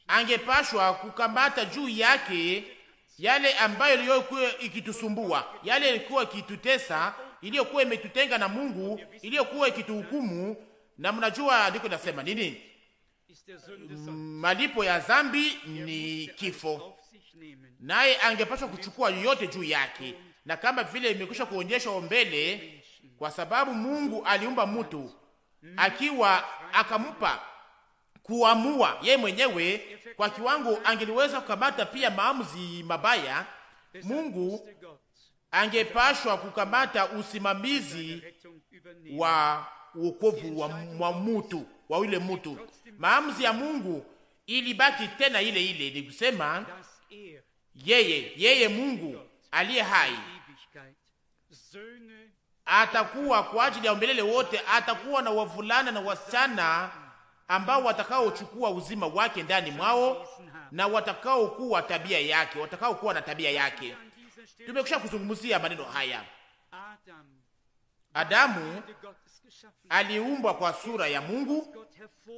Angepashwa kukamata juu yake yale ambayo iliyokuwa ikitusumbua, yale ilikuwa ikitutesa, iliyokuwa imetutenga na Mungu, iliyokuwa ikituhukumu na mnajua andiko linasema nini? Mm, malipo ya dhambi ni kifo, naye angepaswa kuchukua yote juu yake, na kama vile imekwisha kuonyeshwa mbele, kwa sababu Mungu aliumba mtu akiwa akampa kuamua ye mwenyewe kwa kiwango angeliweza kukamata pia maamuzi mabaya. Mungu angepashwa kukamata usimamizi wa uokovu wa, wa mutu wa yule mutu. Maamuzi ya Mungu ilibaki tena ile ile, ni kusema yeye yeye Mungu aliye hai atakuwa kwa ajili ya umbelele wote, atakuwa na wavulana na wasichana ambao watakaochukua uzima wake ndani mwao na watakaokuwa tabia yake, watakaokuwa na tabia yake. Tumekwisha kuzungumzia maneno haya. Adamu aliumbwa kwa sura ya Mungu,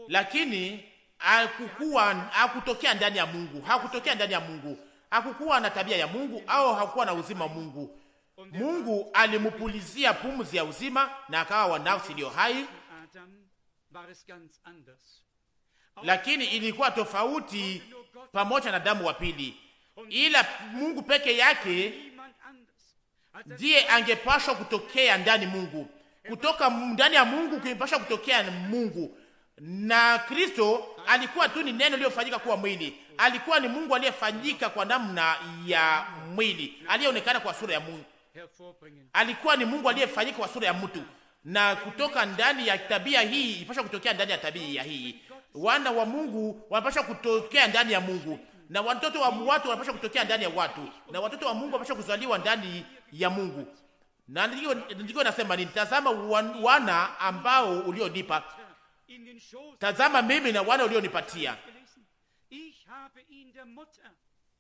lakini hakukuwa hakutokea ndani ya Mungu, hakutokea ndani ya Mungu, hakukuwa na tabia ya Mungu au hakukuwa na uzima wa Mungu. Mungu alimupulizia pumzi ya uzima na akawa wa nafsi iliyo hai, lakini ilikuwa tofauti pamoja na damu wa pili, ila Mungu peke yake ndiye angepashwa kutokea ndani Mungu kutoka ndani ya Mungu kimepasha kutokea Mungu, na Kristo alikuwa tu ni neno lilofanyika kuwa mwili, alikuwa ni Mungu aliyefanyika kwa namna ya mwili, aliyeonekana kwa sura ya Mungu, alikuwa ni Mungu aliyefanyika kwa sura ya mtu, na kutoka ndani ya tabia hii ipasha kutokea ndani ya tabia hii. Wana wa Mungu wanapasha kutokea ndani ya Mungu, na watoto wa watu wanapasha kutokea ndani ya watu, na watoto wa Mungu wanapasha kuzaliwa ndani ya Mungu na ndiko nasema nini? Tazama wana ambao ulionipa, tazama mimi na wana ulionipatia.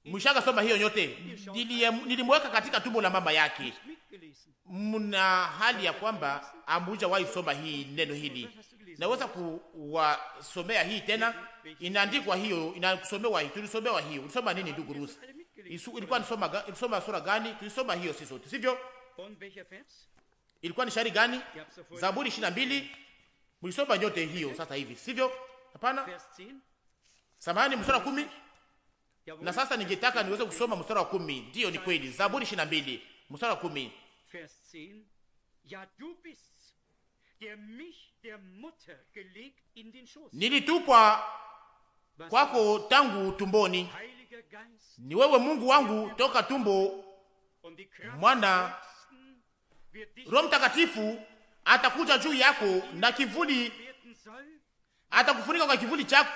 Mshaka soma hiyo nyote, nilimweka katika tumbo la mama yake. Mna hali ya kwamba ambuja wai soma hii neno hili, naweza kuwasomea hii tena. Inaandikwa hiyo, inakusomewa hii, tulisomewa hiyo. Ulisoma nini ndugu Rusi? Ilikuwa nisoma, ilisoma sura gani? Tulisoma hiyo sisi sote, sivyo? ilikuwa ni shairi gani? Zaburi 22 mlisoma nyote hiyo sasa hivi, sivyo? Hapana, samahani, mstari wa kumi. Na sasa ningetaka niweze kusoma mstari wa kumi. Ndiyo, ni kweli, Zaburi 22 mstari wa kumi. Nilitupwa kwako tangu tumboni, ni wewe Mungu wangu, toka tumbo mwana Roho Mtakatifu atakuja juu yako na kivuli atakufunika kwa kivuli chako.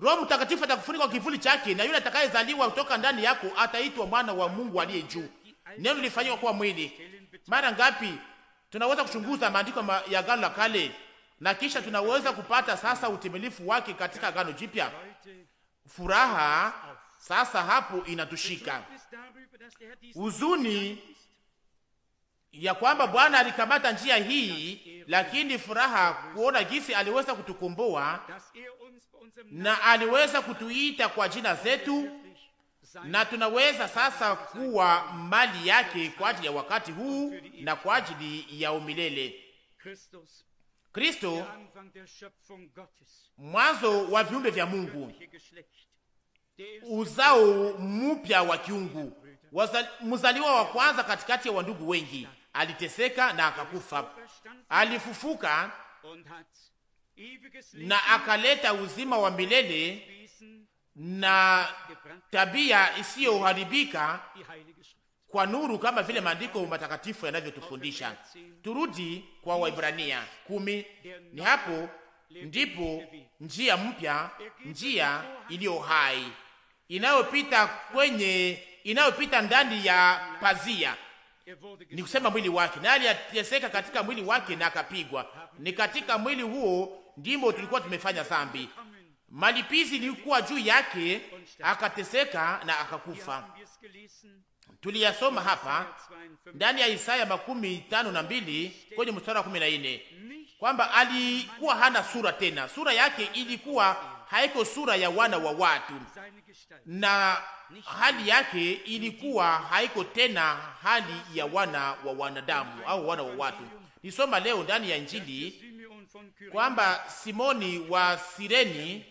Roho Mtakatifu atakufunika kwa kivuli chake, na yule atakayezaliwa kutoka ndani yako ataitwa mwana wa Mungu aliye juu. Neno lilifanywa kuwa mwili. Mara ngapi tunaweza kuchunguza maandiko ya Agano la Kale na kisha tunaweza kupata sasa utimilifu wake katika Agano Jipya. Furaha sasa hapo inatushika, huzuni ya kwamba Bwana alikamata njia hii, lakini furaha kuona jinsi aliweza kutukomboa na aliweza kutuita kwa jina zetu, na tunaweza sasa kuwa mali yake kwa ajili ya wakati huu na kwa ajili ya umilele. Kristo mwanzo wa viumbe vya Mungu uzao mpya wa kiungu, mzaliwa wa kwanza katikati ya wandugu wengi. Aliteseka na akakufa, alifufuka na akaleta uzima wa milele na tabia isiyoharibika kwa nuru, kama vile maandiko matakatifu yanavyotufundisha. Turudi kwa Waibrania kumi. Ni hapo ndipo njia mpya, njia iliyo hai inayopita kwenye inayopita ndani ya pazia, ni kusema mwili wake, na aliyateseka katika mwili wake na akapigwa. Ni katika mwili huo ndimo tulikuwa tumefanya dhambi, malipizi ilikuwa juu yake, akateseka na akakufa. Tuliyasoma hapa ndani ya Isaya makumi tano na mbili kwenye mstari wa kumi na nne kwamba alikuwa hana sura tena, sura yake ilikuwa haiko sura ya wana wa watu, na hali yake ilikuwa haiko tena hali ya wana wa wanadamu au wana wa watu. Nisoma leo ndani ya Injili kwamba Simoni wa Sireni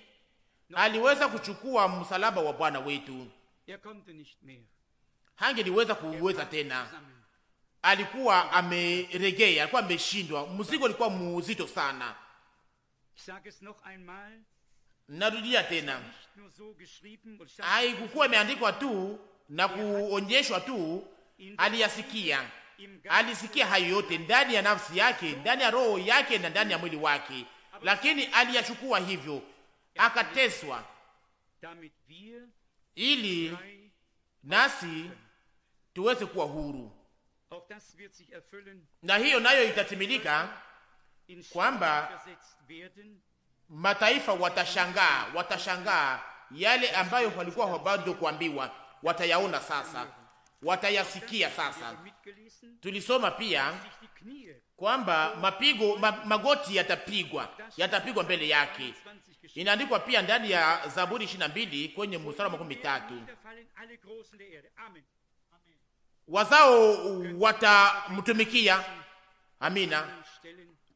aliweza kuchukua msalaba wa Bwana wetu, hangeliweza kuweza tena, alikuwa ameregea, alikuwa ameshindwa. Mzigo ulikuwa mzito sana. Narudia tena, haikukuwa imeandikwa tu na kuonyeshwa tu, aliyasikia alisikia hayo yote ndani ya nafsi yake, ndani ya roho yake na ndani ya mwili wake, lakini aliyachukua hivyo, akateswa ili nasi tuweze kuwa huru. Na hiyo nayo itatimilika kwamba mataifa watashangaa, watashangaa yale ambayo walikuwa bado kuambiwa, watayaona sasa, watayasikia sasa. Tulisoma pia kwamba mapigo ma, magoti yatapigwa, yatapigwa mbele yake. Inaandikwa pia ndani ya Zaburi 22 kwenye mstari wa 13 wazao watamtumikia. Amina.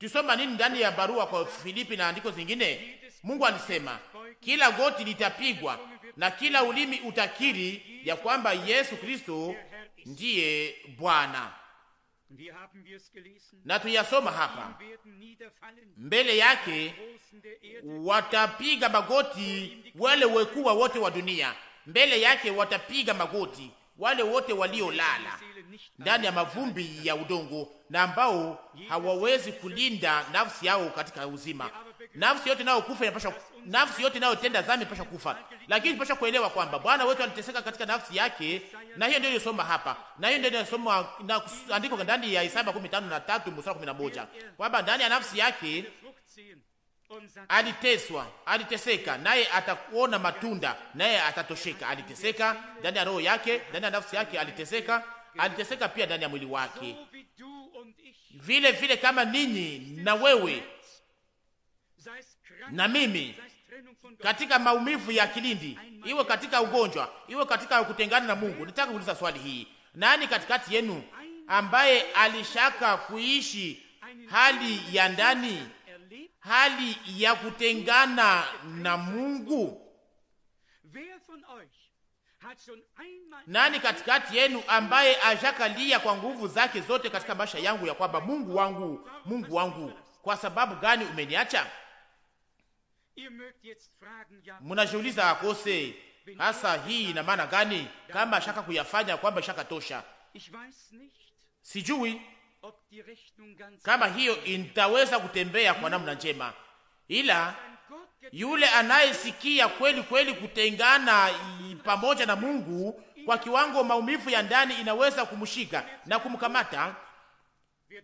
Tusoma nini ndani ya barua kwa Filipi na andiko zingine? Mungu alisema kila goti litapigwa na kila ulimi utakiri ya kwamba Yesu Kristo ndiye Bwana. Na tuyasoma hapa mbele yake, watapiga magoti wale wekuwa wote wa dunia, mbele yake watapiga magoti wale wote waliolala ndani ya mavumbi ya udongo na ambao hawawezi kulinda nafsi yao katika uzima. Nafsi yote nayo kufa inapasha, nafsi yote nayo tenda dhambi inapasha kufa, lakini inapasha kuelewa kwamba Bwana wetu aliteseka katika nafsi yake, na hiyo ndio inasoma hapa, na hiyo ndio inasoma na andiko ndani ya Isaya 53 na 3 mstari 11 kwamba ndani ya nafsi yake aliteswa aliteseka, naye atakuona matunda, naye atatosheka. Aliteseka ndani ya roho yake, ndani ya nafsi yake aliteseka aliteseka pia ndani ya mwili wake vile vile, kama ninyi na wewe na mimi, katika maumivu ya kilindi, iwe katika ugonjwa, iwe katika kutengana na Mungu. Nitaka kuuliza swali hii, nani katikati yenu ambaye alishaka kuishi hali ya ndani, hali ya kutengana na Mungu? Nani katikati yenu ambaye ashakalia kwa nguvu zake zote katika maisha yangu ya kwamba Mungu wangu, Mungu wangu, kwa sababu gani umeniacha? Mnajiuliza akose hasa, hii ina maana gani? Kama shaka kuyafanya kwamba shaka tosha, sijui kama hiyo itaweza kutembea kwa namna njema, ila yule anayesikia kweli kweli kutengana pamoja na Mungu kwa kiwango maumivu ya ndani inaweza kumshika na kumkamata,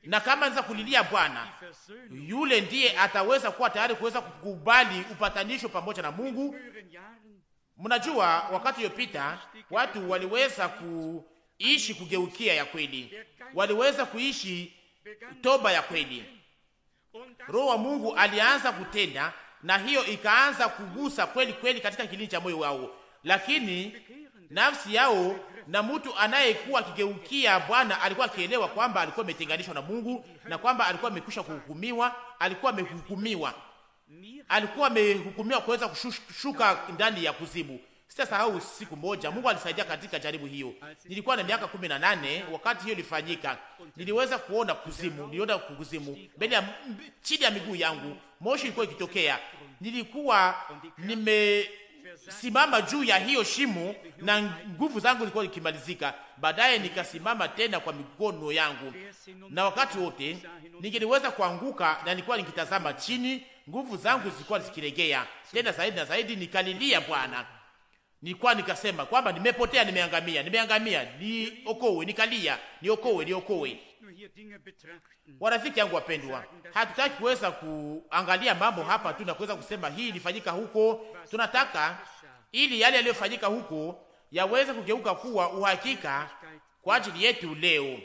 na kama anaweza kulilia Bwana, yule ndiye ataweza kuwa tayari kuweza kukubali upatanisho pamoja na Mungu. Mnajua, wakati uliopita watu waliweza kuishi kugeukia ya kweli, waliweza kuishi toba ya kweli. Roho wa Mungu alianza kutenda na hiyo ikaanza kugusa kweli kweli katika kilini cha moyo wao, lakini nafsi yao na mtu anayekuwa akigeukia Bwana alikuwa akielewa kwamba alikuwa ametenganishwa na Mungu na kwamba alikuwa amekwisha kuhukumiwa. Alikuwa amehukumiwa, alikuwa amehukumiwa kuweza kushuka ndani ya kuzimu. Sitasahau siku moja, Mungu alisaidia katika jaribu hiyo. Nilikuwa na miaka kumi na nane wakati hiyo ilifanyika, niliweza kuona kuzimu, niliona kuzimu mbele ya chini ya miguu yangu, moshi ilikuwa ikitokea. Nilikuwa nimesimama juu ya hiyo shimo na nguvu zangu zilikuwa zikimalizika. Baadaye nikasimama tena kwa mikono yangu, na wakati wote ningeliweza kuanguka, na nilikuwa nikitazama chini, nguvu zangu zilikuwa zikiregea tena zaidi na zaidi. Nikalilia Bwana nilikuwa nikasema kwamba nimepotea, nimeangamia, nimeangamia, niokowe, nikalia, niokowe, niokowe. Warafiki yangu wapendwa, hatutaki kuweza kuangalia mambo hapa tu na kuweza kusema hii ilifanyika huko. Tunataka ili yale yaliyofanyika huko yaweze kugeuka kuwa uhakika kwa ajili yetu leo.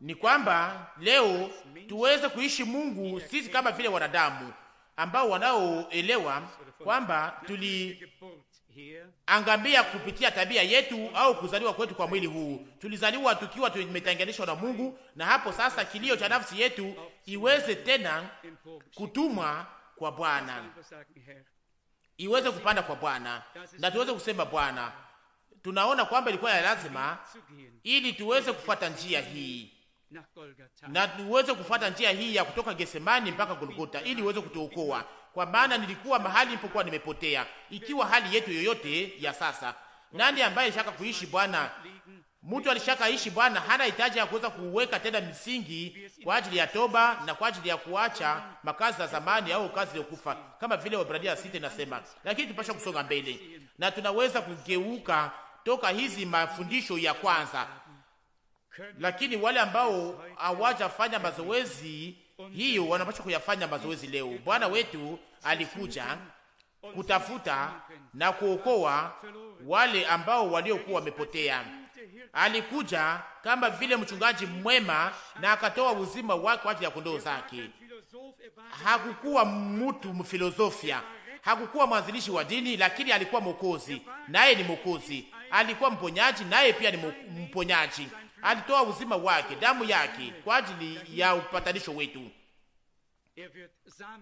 Ni kwamba leo tuweze kuishi Mungu sisi kama vile wanadamu ambao wanaoelewa kwamba tuli angambia kupitia tabia yetu au kuzaliwa kwetu kwa mwili huu, tulizaliwa tukiwa tumetenganishwa na Mungu, na hapo sasa kilio cha nafsi yetu iweze tena kutumwa kwa Bwana, iweze kupanda kwa Bwana na tuweze kusema Bwana, tunaona kwamba ilikuwa ya lazima ili tuweze kufuata njia hii na tuweze kufuata njia hii ya kutoka gesemani mpaka Golgota ili uweze kutuokoa kwa maana nilikuwa mahali nipokuwa nimepotea. Ikiwa hali yetu yoyote ya sasa, nani ambaye alishaka kuishi Bwana? Mtu ishi Bwana, hana hitaji ya kuweza kuweka tena misingi kwa ajili ya toba na kwa ajili ya kuacha makazi ya zamani au kazi kufa, kama vile Waebrania sita inasema. Lakini tupasha kusonga mbele na tunaweza kugeuka toka hizi mafundisho ya kwanza, lakini wale ambao hawajafanya mazoezi hiyo wanapaswa kuyafanya mazoezi leo. Bwana wetu alikuja kutafuta na kuokoa wale ambao waliokuwa wamepotea. Alikuja kama vile mchungaji mwema na akatoa uzima wake kwa ajili ya kondoo zake. Hakukuwa mtu mfilosofia, hakukuwa mwanzilishi wa dini, lakini alikuwa mwokozi, naye ni mwokozi. Alikuwa mponyaji, naye pia ni mponyaji alitoa uzima wake, damu yake kwa ajili ya upatanisho wetu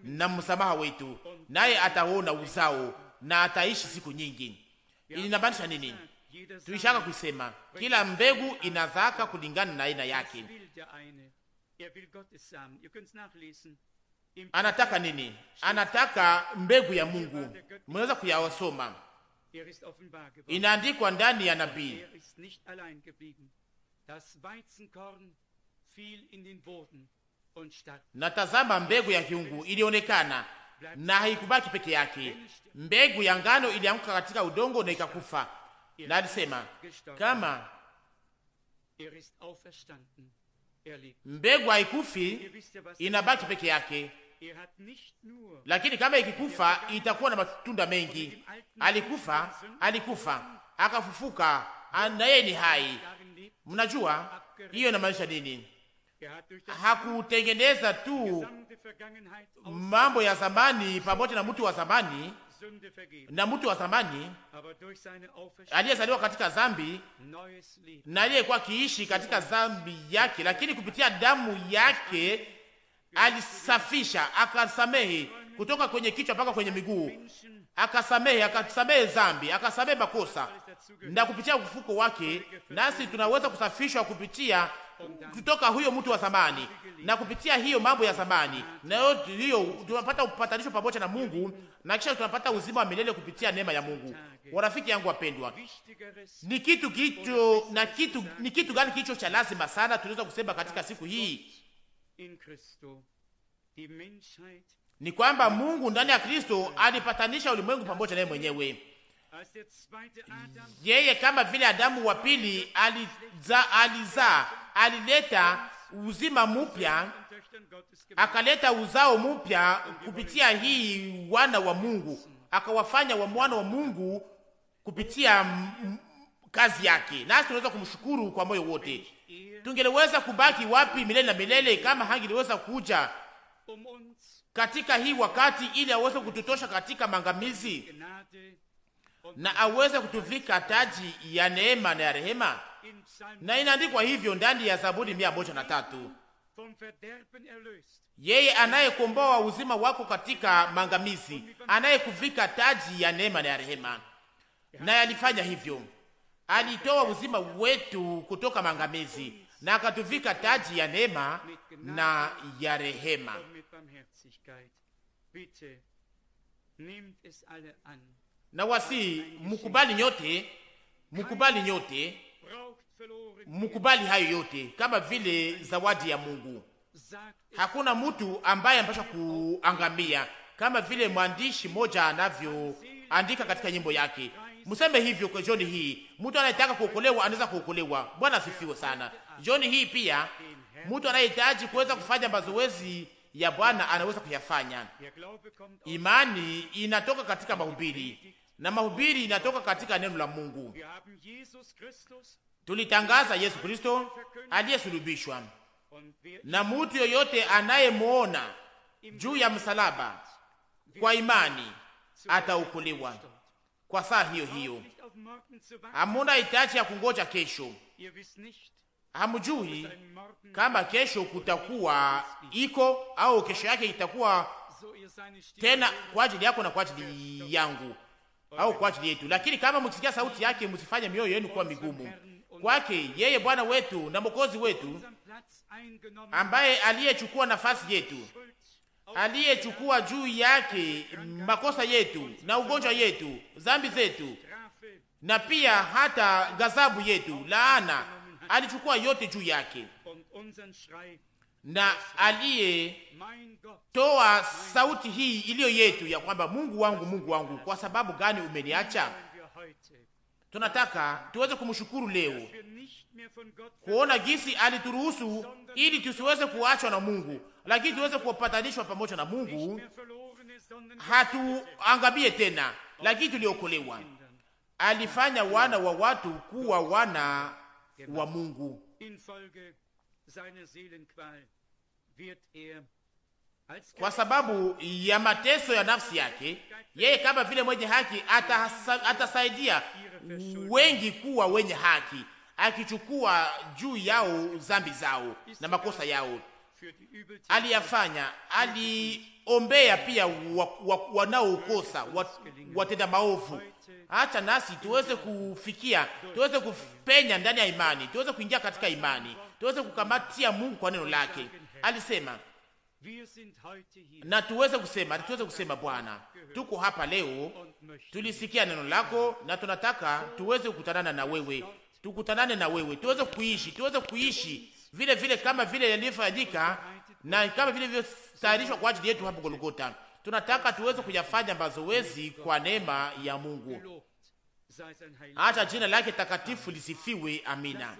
na msamaha wetu, naye ataona uzao na ataishi siku nyingi. Inamaanisha nini? Tuishaka kusema kila mbegu inazaka kulingana na aina yake. Anataka nini? Anataka mbegu ya Mungu. Mnaweza kuyawasoma, er inaandikwa ndani ya nabii er Das Weizenkorn fiel in den Boden und starb. Na tazama, mbegu ya kiungu ilionekana na haikubaki peke yake. Mbegu ya ngano ilianguka katika udongo na ikakufa, er na alisema kama er er mbegu haikufi inabaki peke yake, lakini kama ikikufa itakuwa na matunda mengi. Alikufa, alikufa akafufuka na yeye ni hai. Mnajua hiyo inamaanisha nini? Hakutengeneza tu mambo ya zamani pamoja na mtu wa zamani na mtu wa zamani aliyezaliwa katika zambi na aliyekuwa kiishi katika zambi yake, lakini kupitia damu yake alisafisha, akasamehe kutoka kwenye kichwa mpaka kwenye miguu, akasamehe, akasamehe zambi, akasamehe makosa, na kupitia ufufuko wake nasi tunaweza kusafishwa kupitia kutoka huyo mtu wa zamani, na kupitia hiyo mambo ya zamani, na hiyo tunapata upatanisho pamoja na Mungu, na kisha tunapata uzima wa milele kupitia neema ya Mungu. Warafiki yangu wapendwa, ni kitu kicho na kitu ni kitu gani kicho cha lazima sana tunaweza kusema katika siku hii ni kwamba Mungu ndani ya Kristo alipatanisha ulimwengu pamoja naye mwenyewe. Yeye kama vile Adamu wa pili alizaa, aliza, alileta uzima mpya, akaleta uzao mpya kupitia hii wana wa Mungu, akawafanya wa mwana wa Mungu kupitia kazi yake, nasi tunaweza kumshukuru kwa moyo wote. Tungeliweza kubaki wapi milele na milele kama hangeliweza kuja katika hii wakati, ili aweze kututosha katika mangamizi na aweze kutuvika taji ya neema na ya rehema, na inaandikwa hivyo ndani ya Zaburi mia moja na tatu yeye anayekomboa uzima wako katika mangamizi, anayekuvika taji ya neema na ya rehema. Naye alifanya hivyo, alitoa uzima wetu kutoka mangamizi na akatuvika taji ya neema na ya rehema. Barmherzigkeit. Bitte, nehmt es alle an. Na wasi mukubali nyote, mukubali nyote, mukubali hayo yote kama vile zawadi ya Mungu. Hakuna mtu ambaye anapaswa kuangamia, kama vile mwandishi moja anavyoandika katika nyimbo yake. Museme hivyo kwa jioni hii, mtu anayetaka kuokolewa anaweza kuokolewa. Bwana asifiwe sana. Jioni hii pia mtu anayehitaji kuweza kufanya mazoezi ya Bwana anaweza kuyafanya. Imani inatoka katika mahubiri na mahubiri inatoka katika neno la Mungu. Tulitangaza Yesu Kristo aliyesulubishwa, na mutu yoyote anayemwona juu ya msalaba kwa imani ataokolewa kwa saa hiyo hiyo. Hamuna itachi ya kungoja kesho hamjui kama kesho kutakuwa iko au kesho yake itakuwa tena kwa ajili yako na kwa ajili yangu au kwa ajili yetu. Lakini kama mtisikia sauti yake, msifanye mioyo yenu kuwa migumu. Kwake yeye Bwana wetu na Mwokozi wetu, ambaye aliyechukua nafasi yetu, aliyechukua juu yake makosa yetu na ugonjwa yetu, dhambi zetu, na pia hata ghadhabu yetu, laana alichukua yote juu yake, na aliye toa sauti hii iliyo yetu ya kwamba Mungu wangu, Mungu wangu, kwa sababu gani umeniacha? Tunataka tuweze kumshukuru leo kuona jinsi alituruhusu ili tusiweze kuachwa na Mungu, lakini tuweze kupatanishwa pamoja na Mungu, hatuangamie tena, lakini tuliokolewa. Alifanya wana wa watu kuwa wana wa Mungu. Er Kwa sababu ya mateso ya nafsi yake, yeye kama vile mwenye haki atasaidia wengi kuwa wenye haki, akichukua juu yao zambi zao na makosa yao aliyafanya. Aliombea pia wanaokosa watenda maovu acha nasi tuweze kufikia, tuweze kupenya ndani ya imani, tuweze kuingia katika imani, tuweze kukamatia Mungu kwa neno lake. Alisema na tuweze kusema, tuweze kusema Bwana, tuko hapa leo, tulisikia neno lako na tunataka tuweze kukutanana na wewe, tukutanane na wewe, tuweze kuishi, tuweze kuishi vile vile kama vile yalivyofanyika na kama vile vilivyotayarishwa kwa ajili yetu hapo Golgotha tunataka tuweze kuyafanya mazoezi kwa neema ya Mungu. Acha jina lake takatifu lisifiwe. Amina.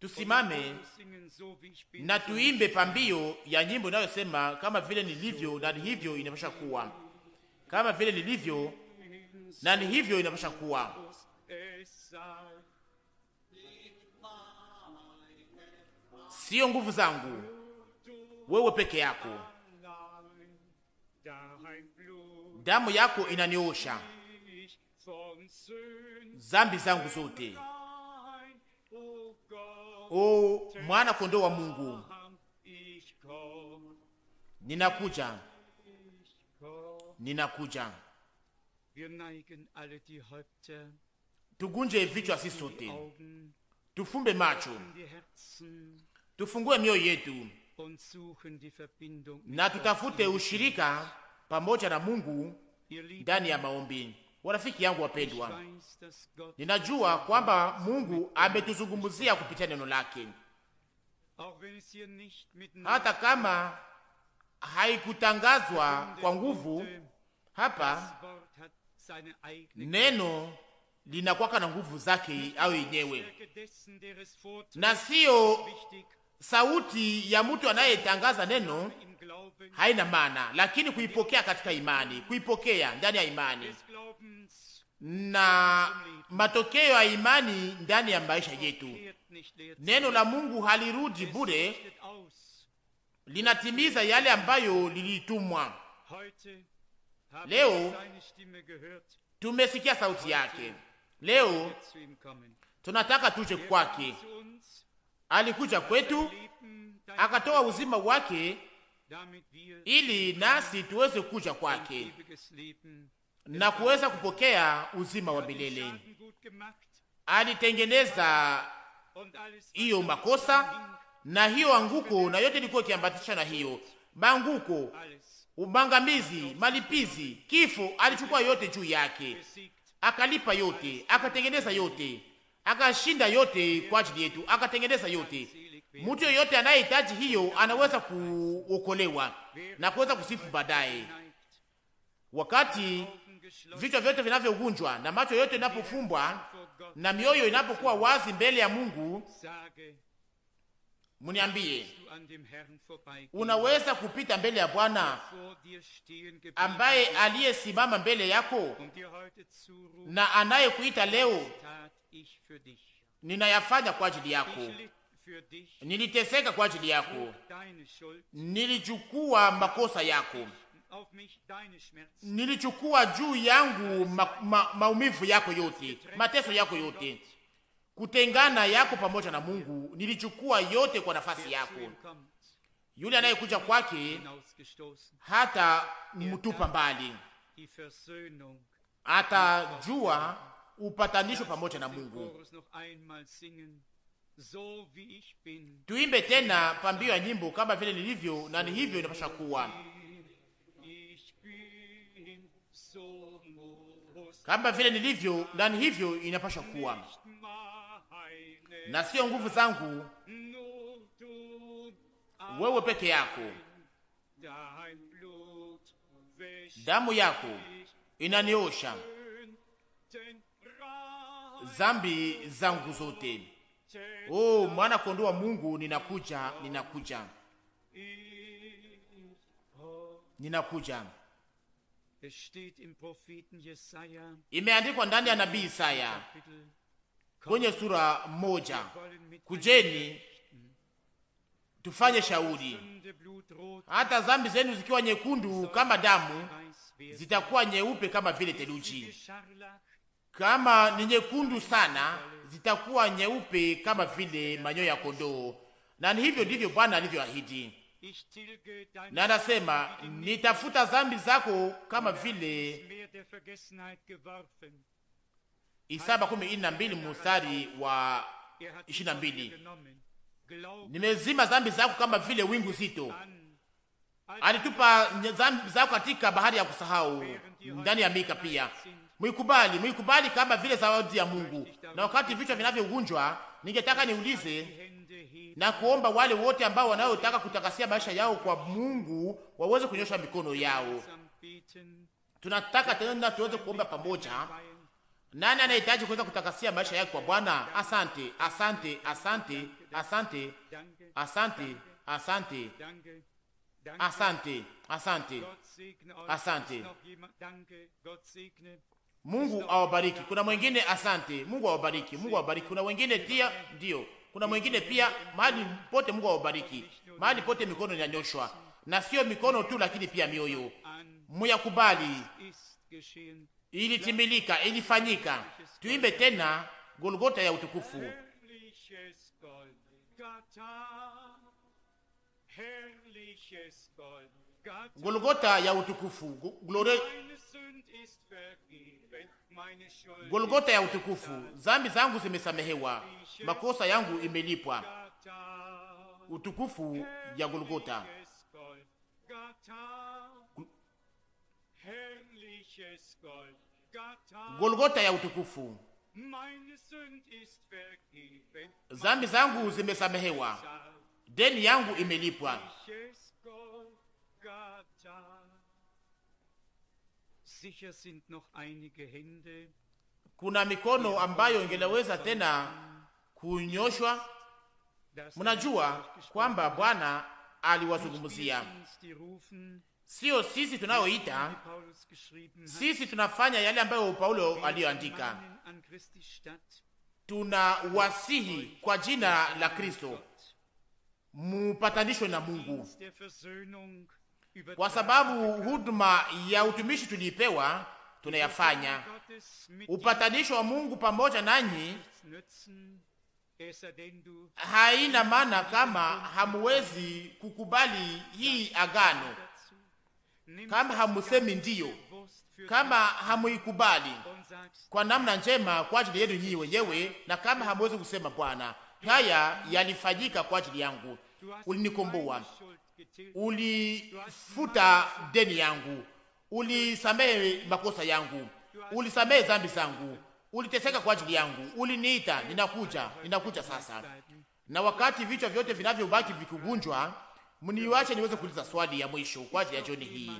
Tusimame na tuimbe pambio ya nyimbo inayosema kama vile nilivyo na hivyo inapasha kuwa, kama vile nilivyo na ni hivyo inapasha kuwa. Sio nguvu zangu, wewe peke yako damu yako inaniosha zambi zangu zote. O mwana kondoo wa Mungu, ninakuja, ninakuja. Tugunje vichwa sisi sote, tufumbe macho, tufungue mioyo yetu na tutafute ushirika pamoja na Mungu ndani ya maombi. Warafiki yangu wapendwa, ninajua kwamba Mungu ametuzungumzia kupitia neno lake, hata kama haikutangazwa kwa nguvu hapa. Neno linakwaka na nguvu zake au yenyewe na siyo sauti ya mtu anayetangaza neno haina maana, lakini kuipokea katika imani, kuipokea ndani ya imani na matokeo ya imani ndani ya maisha yetu. Neno la Mungu halirudi bure, linatimiza yale ambayo lilitumwa. Leo tumesikia sauti yake, leo tunataka tuje kwake, alikuja kwetu akatoa uzima wake ili nasi tuweze kuja kwake na kuweza kupokea uzima wa milele. Alitengeneza hiyo makosa na hiyo anguko, na yote ilikuwa ikiambatisha na hiyo maanguko, ubangamizi, malipizi, kifo. Alichukua yote juu yake, akalipa yote, akatengeneza yote akashinda yote kwa ajili yetu, akatengeneza yote. Mtu yoyote anayehitaji hiyo anaweza kuokolewa na kuweza kusifu baadaye, wakati vichwa vyote vinavyogunjwa na macho yote inapofumbwa na mioyo inapokuwa wazi mbele ya Mungu. Mniambie, unaweza kupita mbele ya Bwana ambaye aliyesimama mbele yako na anayekuita leo ninayafanya kwa ajili yako. Niliteseka kwa ajili yako, nilichukua makosa yako, nilichukua juu yangu ma, ma, maumivu yako yote, mateso yako yote, kutengana yako pamoja na Mungu, nilichukua yote kwa nafasi yako. Yule anayekuja kwake hata mtupa mbali, atajua upatanisho pamoja na Mungu. Tuimbe tena pambio ya nyimbo kama vile nilivyo, na ni hivyo inapasha kuwa kama vile nilivyo ndani, hivyo inapasha kuwa na sio nguvu zangu, wewe peke yako, damu yako inaniosha, zambi zangu zote. Oh, mwana kondoo wa Mungu, ninakuja, ninakuja, ninakuja. Imeandikwa ndani ya nabii Isaya kwenye sura moja, kujeni mm. tufanye shauri, hata zambi zenu zikiwa nyekundu kama damu zitakuwa nyeupe kama vile theluji kama ni nyekundu sana zitakuwa nyeupe kama vile manyoya ya kondoo. Na ni hivyo ndivyo Bwana alivyoahidi, na anasema nitafuta zambi zako kama vile Isaba kumi ine na mbili mustari wa ishirini na mbili nimezima zambi zako kama vile wingu zito. Alitupa zambi zako katika bahari ya kusahau, ndani ya Mika pia Mwikubali, mwikubali kama vile zawadi ya Mungu. Na wakati vichwa vinavyogunjwa, ningetaka niulize na kuomba wale wote ambao wanayotaka kutakasia maisha yao kwa Mungu waweze kunyosha mikono yao. Tunataka tena tuweze kuomba pamoja. Nani anahitaji kuweza kutakasia maisha yake kwa Bwana? Asante, asante, asante, asante, asante, asante, asante, asante, asante. Mungu awabariki. Kuna mwingine asante. Mungu awabariki. Mungu awabariki. Kuna wengine pia ndio. Kuna mwingine pia mahali pote Mungu awabariki. Mahali pote mikono inanyoshwa. Na sio mikono tu lakini pia mioyo. Muyakubali. Ilitimilika, ilifanyika. Tuimbe tena Golgota ya utukufu. Herrliches Gold. Golgota ya utukufu, glory, Golgota ya utukufu. Zambi zangu zimesamehewa, makosa yangu imelipwa. Utukufu ya Golgota, Golgota ya utukufu. Zambi zangu zimesamehewa, deni yangu imelipwa. Kuna mikono ambayo ingeleweza tena kunyoshwa. Mnajua kwamba Bwana aliwazungumzia, sio sisi tunayoita. Sisi tunafanya yale ambayo Paulo aliyoandika, wasihi kwa jina la Kristo mupatanishwe na Mungu kwa sababu huduma ya utumishi tuliipewa tunayafanya. Upatanisho wa Mungu pamoja nanyi haina maana kama hamuwezi kukubali hii agano, kama hamusemi ndiyo, kama hamuikubali kwa namna njema kwa ajili yenu nyinyi wenyewe, na kama hamuwezi kusema Bwana, haya yalifanyika kwa ajili yangu, ulinikomboa, ulifuta deni yangu, ulisamehe makosa yangu, ulisamehe dhambi zangu, uliteseka kwa ajili yangu, uliniita, ninakuja, ninakuja sasa. Na wakati vichwa vyote vinavyobaki vikugunjwa mniwache niweze kuuliza swali ya mwisho kwa ajili ya jioni hii.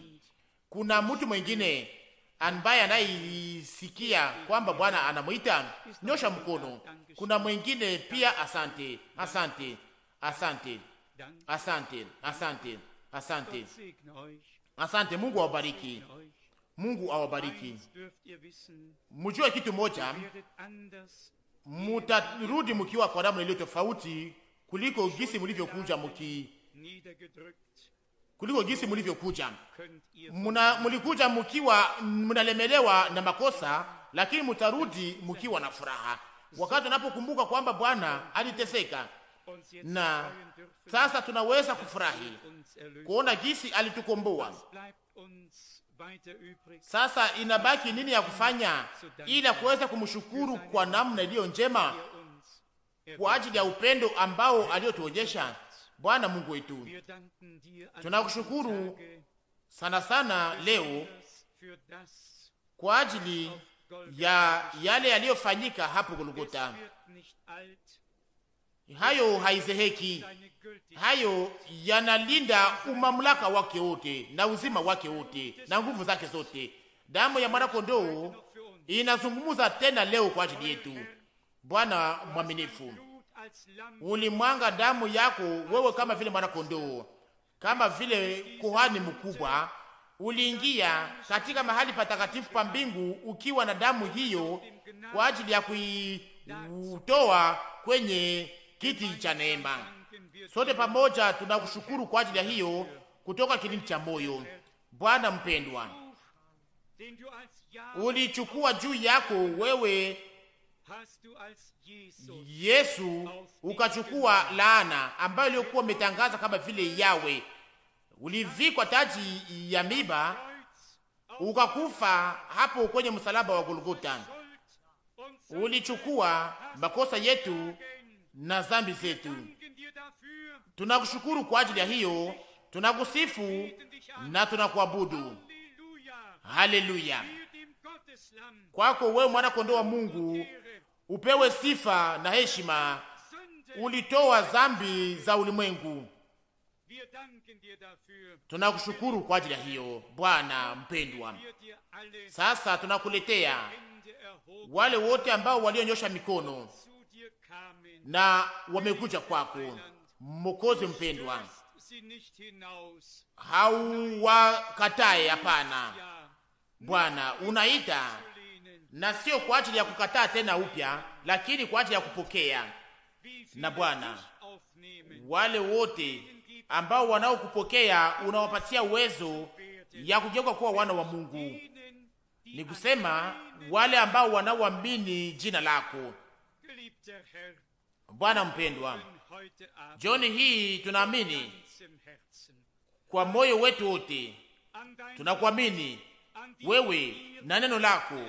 Kuna mtu mwingine ambaye anayisikia kwamba Bwana anamwita? Nyosha mkono. Kuna mwingine pia? Asante, asante, asante. Asante, asante, asante, asante. Mungu awabariki, Mungu awabariki. Mujue kitu moja, mutarudi mukiwa kwa damu iliyo tofauti kuliko gisi mulivyokuja muki kuliko jinsi mulivyokuja. Muna mulikuja mkiwa munalemelewa na makosa, lakini mutarudi mkiwa na furaha, wakati unapokumbuka kwamba Bwana aliteseka na sasa tunaweza kufurahi kuona gisi alitukomboa. Sasa inabaki nini ya kufanya ili kuweza kumshukuru kwa namna iliyo njema kwa ajili ya upendo ambao aliyotuonyesha Bwana Mungu wetu. Tunakushukuru sana sana leo kwa ajili ya yale yaliyofanyika hapo Golgotha hayo haizeheki, hayo yanalinda umamlaka wake wote na uzima wake wote na nguvu zake zote. Damu ya kondoo inazungumza tena leo kwa ajili yetu. Bwana mwaminifu, ulimwanga damu yako wewe, kama vile kondoo, kama vile kuhani mkubwa, uliingia katika mahali patakatifu pa mbingu ukiwa na damu hiyo kwa ajili ya kuitoa kwenye kiti cha neema. Sote pamoja tunakushukuru kwa ajili ya hiyo kutoka kilindi cha moyo. Bwana mpendwa, ulichukua juu yako wewe Yesu, ukachukua laana ambayo iliyokuwa umetangaza kama vile yawe, ulivikwa taji ya miba, ukakufa hapo kwenye msalaba wa Golgotha. Ulichukua makosa yetu na zambi zetu. Tunakushukuru kwa ajili ya hiyo, tunakusifu na tunakuabudu. Haleluya! Kwako wewe mwana kondoo wa Mungu upewe sifa na heshima. Ulitoa zambi za ulimwengu, tunakushukuru kwa ajili ya hiyo. Bwana mpendwa, sasa tunakuletea wale wote ambao walionyosha mikono na wamekuja kwako, Mokozi mpendwa. Hauwakatae, hapana Bwana, unaita na sio kwa ajili ya kukataa tena upya, lakini kwa ajili ya kupokea. Na Bwana, wale wote ambao wanaokupokea unawapatia uwezo ya kugeuka kuwa wana wa Mungu, ni kusema wale ambao wanaoamini jina lako Bwana mpendwa, jioni hii tunaamini kwa moyo wetu wote, tunakuamini wewe na neno lako,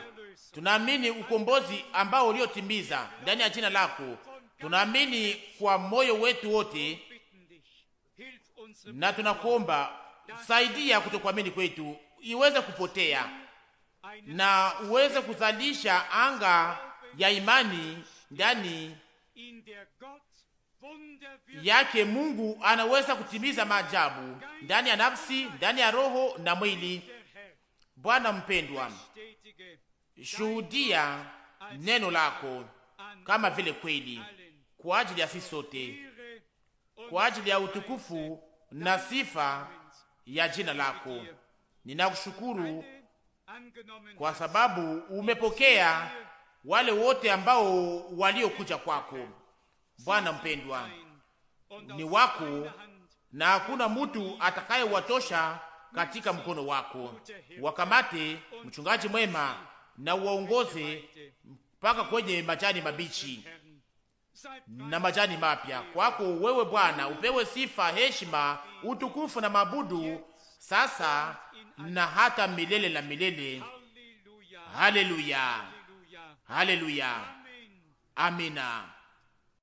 tunaamini ukombozi ambao uliotimiza ndani ya jina lako, tunaamini kwa moyo wetu wote, na tunakuomba saidia kutokuamini kwetu iweze kupotea na uweze kuzalisha anga ya imani ndani yake Mungu anaweza kutimiza maajabu ndani ya nafsi, ndani ya roho na mwili. Bwana mpendwa, shuhudia neno lako kama vile kweli, kwa ajili ya sisi sote, kwa ajili ya utukufu na sifa ya jina lako. Ninakushukuru kwa sababu umepokea wale wote ambao waliokuja kwako. Bwana mpendwa, ni wako na hakuna mtu atakayewatosha katika mkono wako. Wakamate mchungaji mwema na uwaongoze mpaka kwenye majani mabichi na majani mapya. Kwako wewe Bwana upewe sifa, heshima, utukufu na mabudu sasa na hata milele na milele. Haleluya! Haleluya, amina.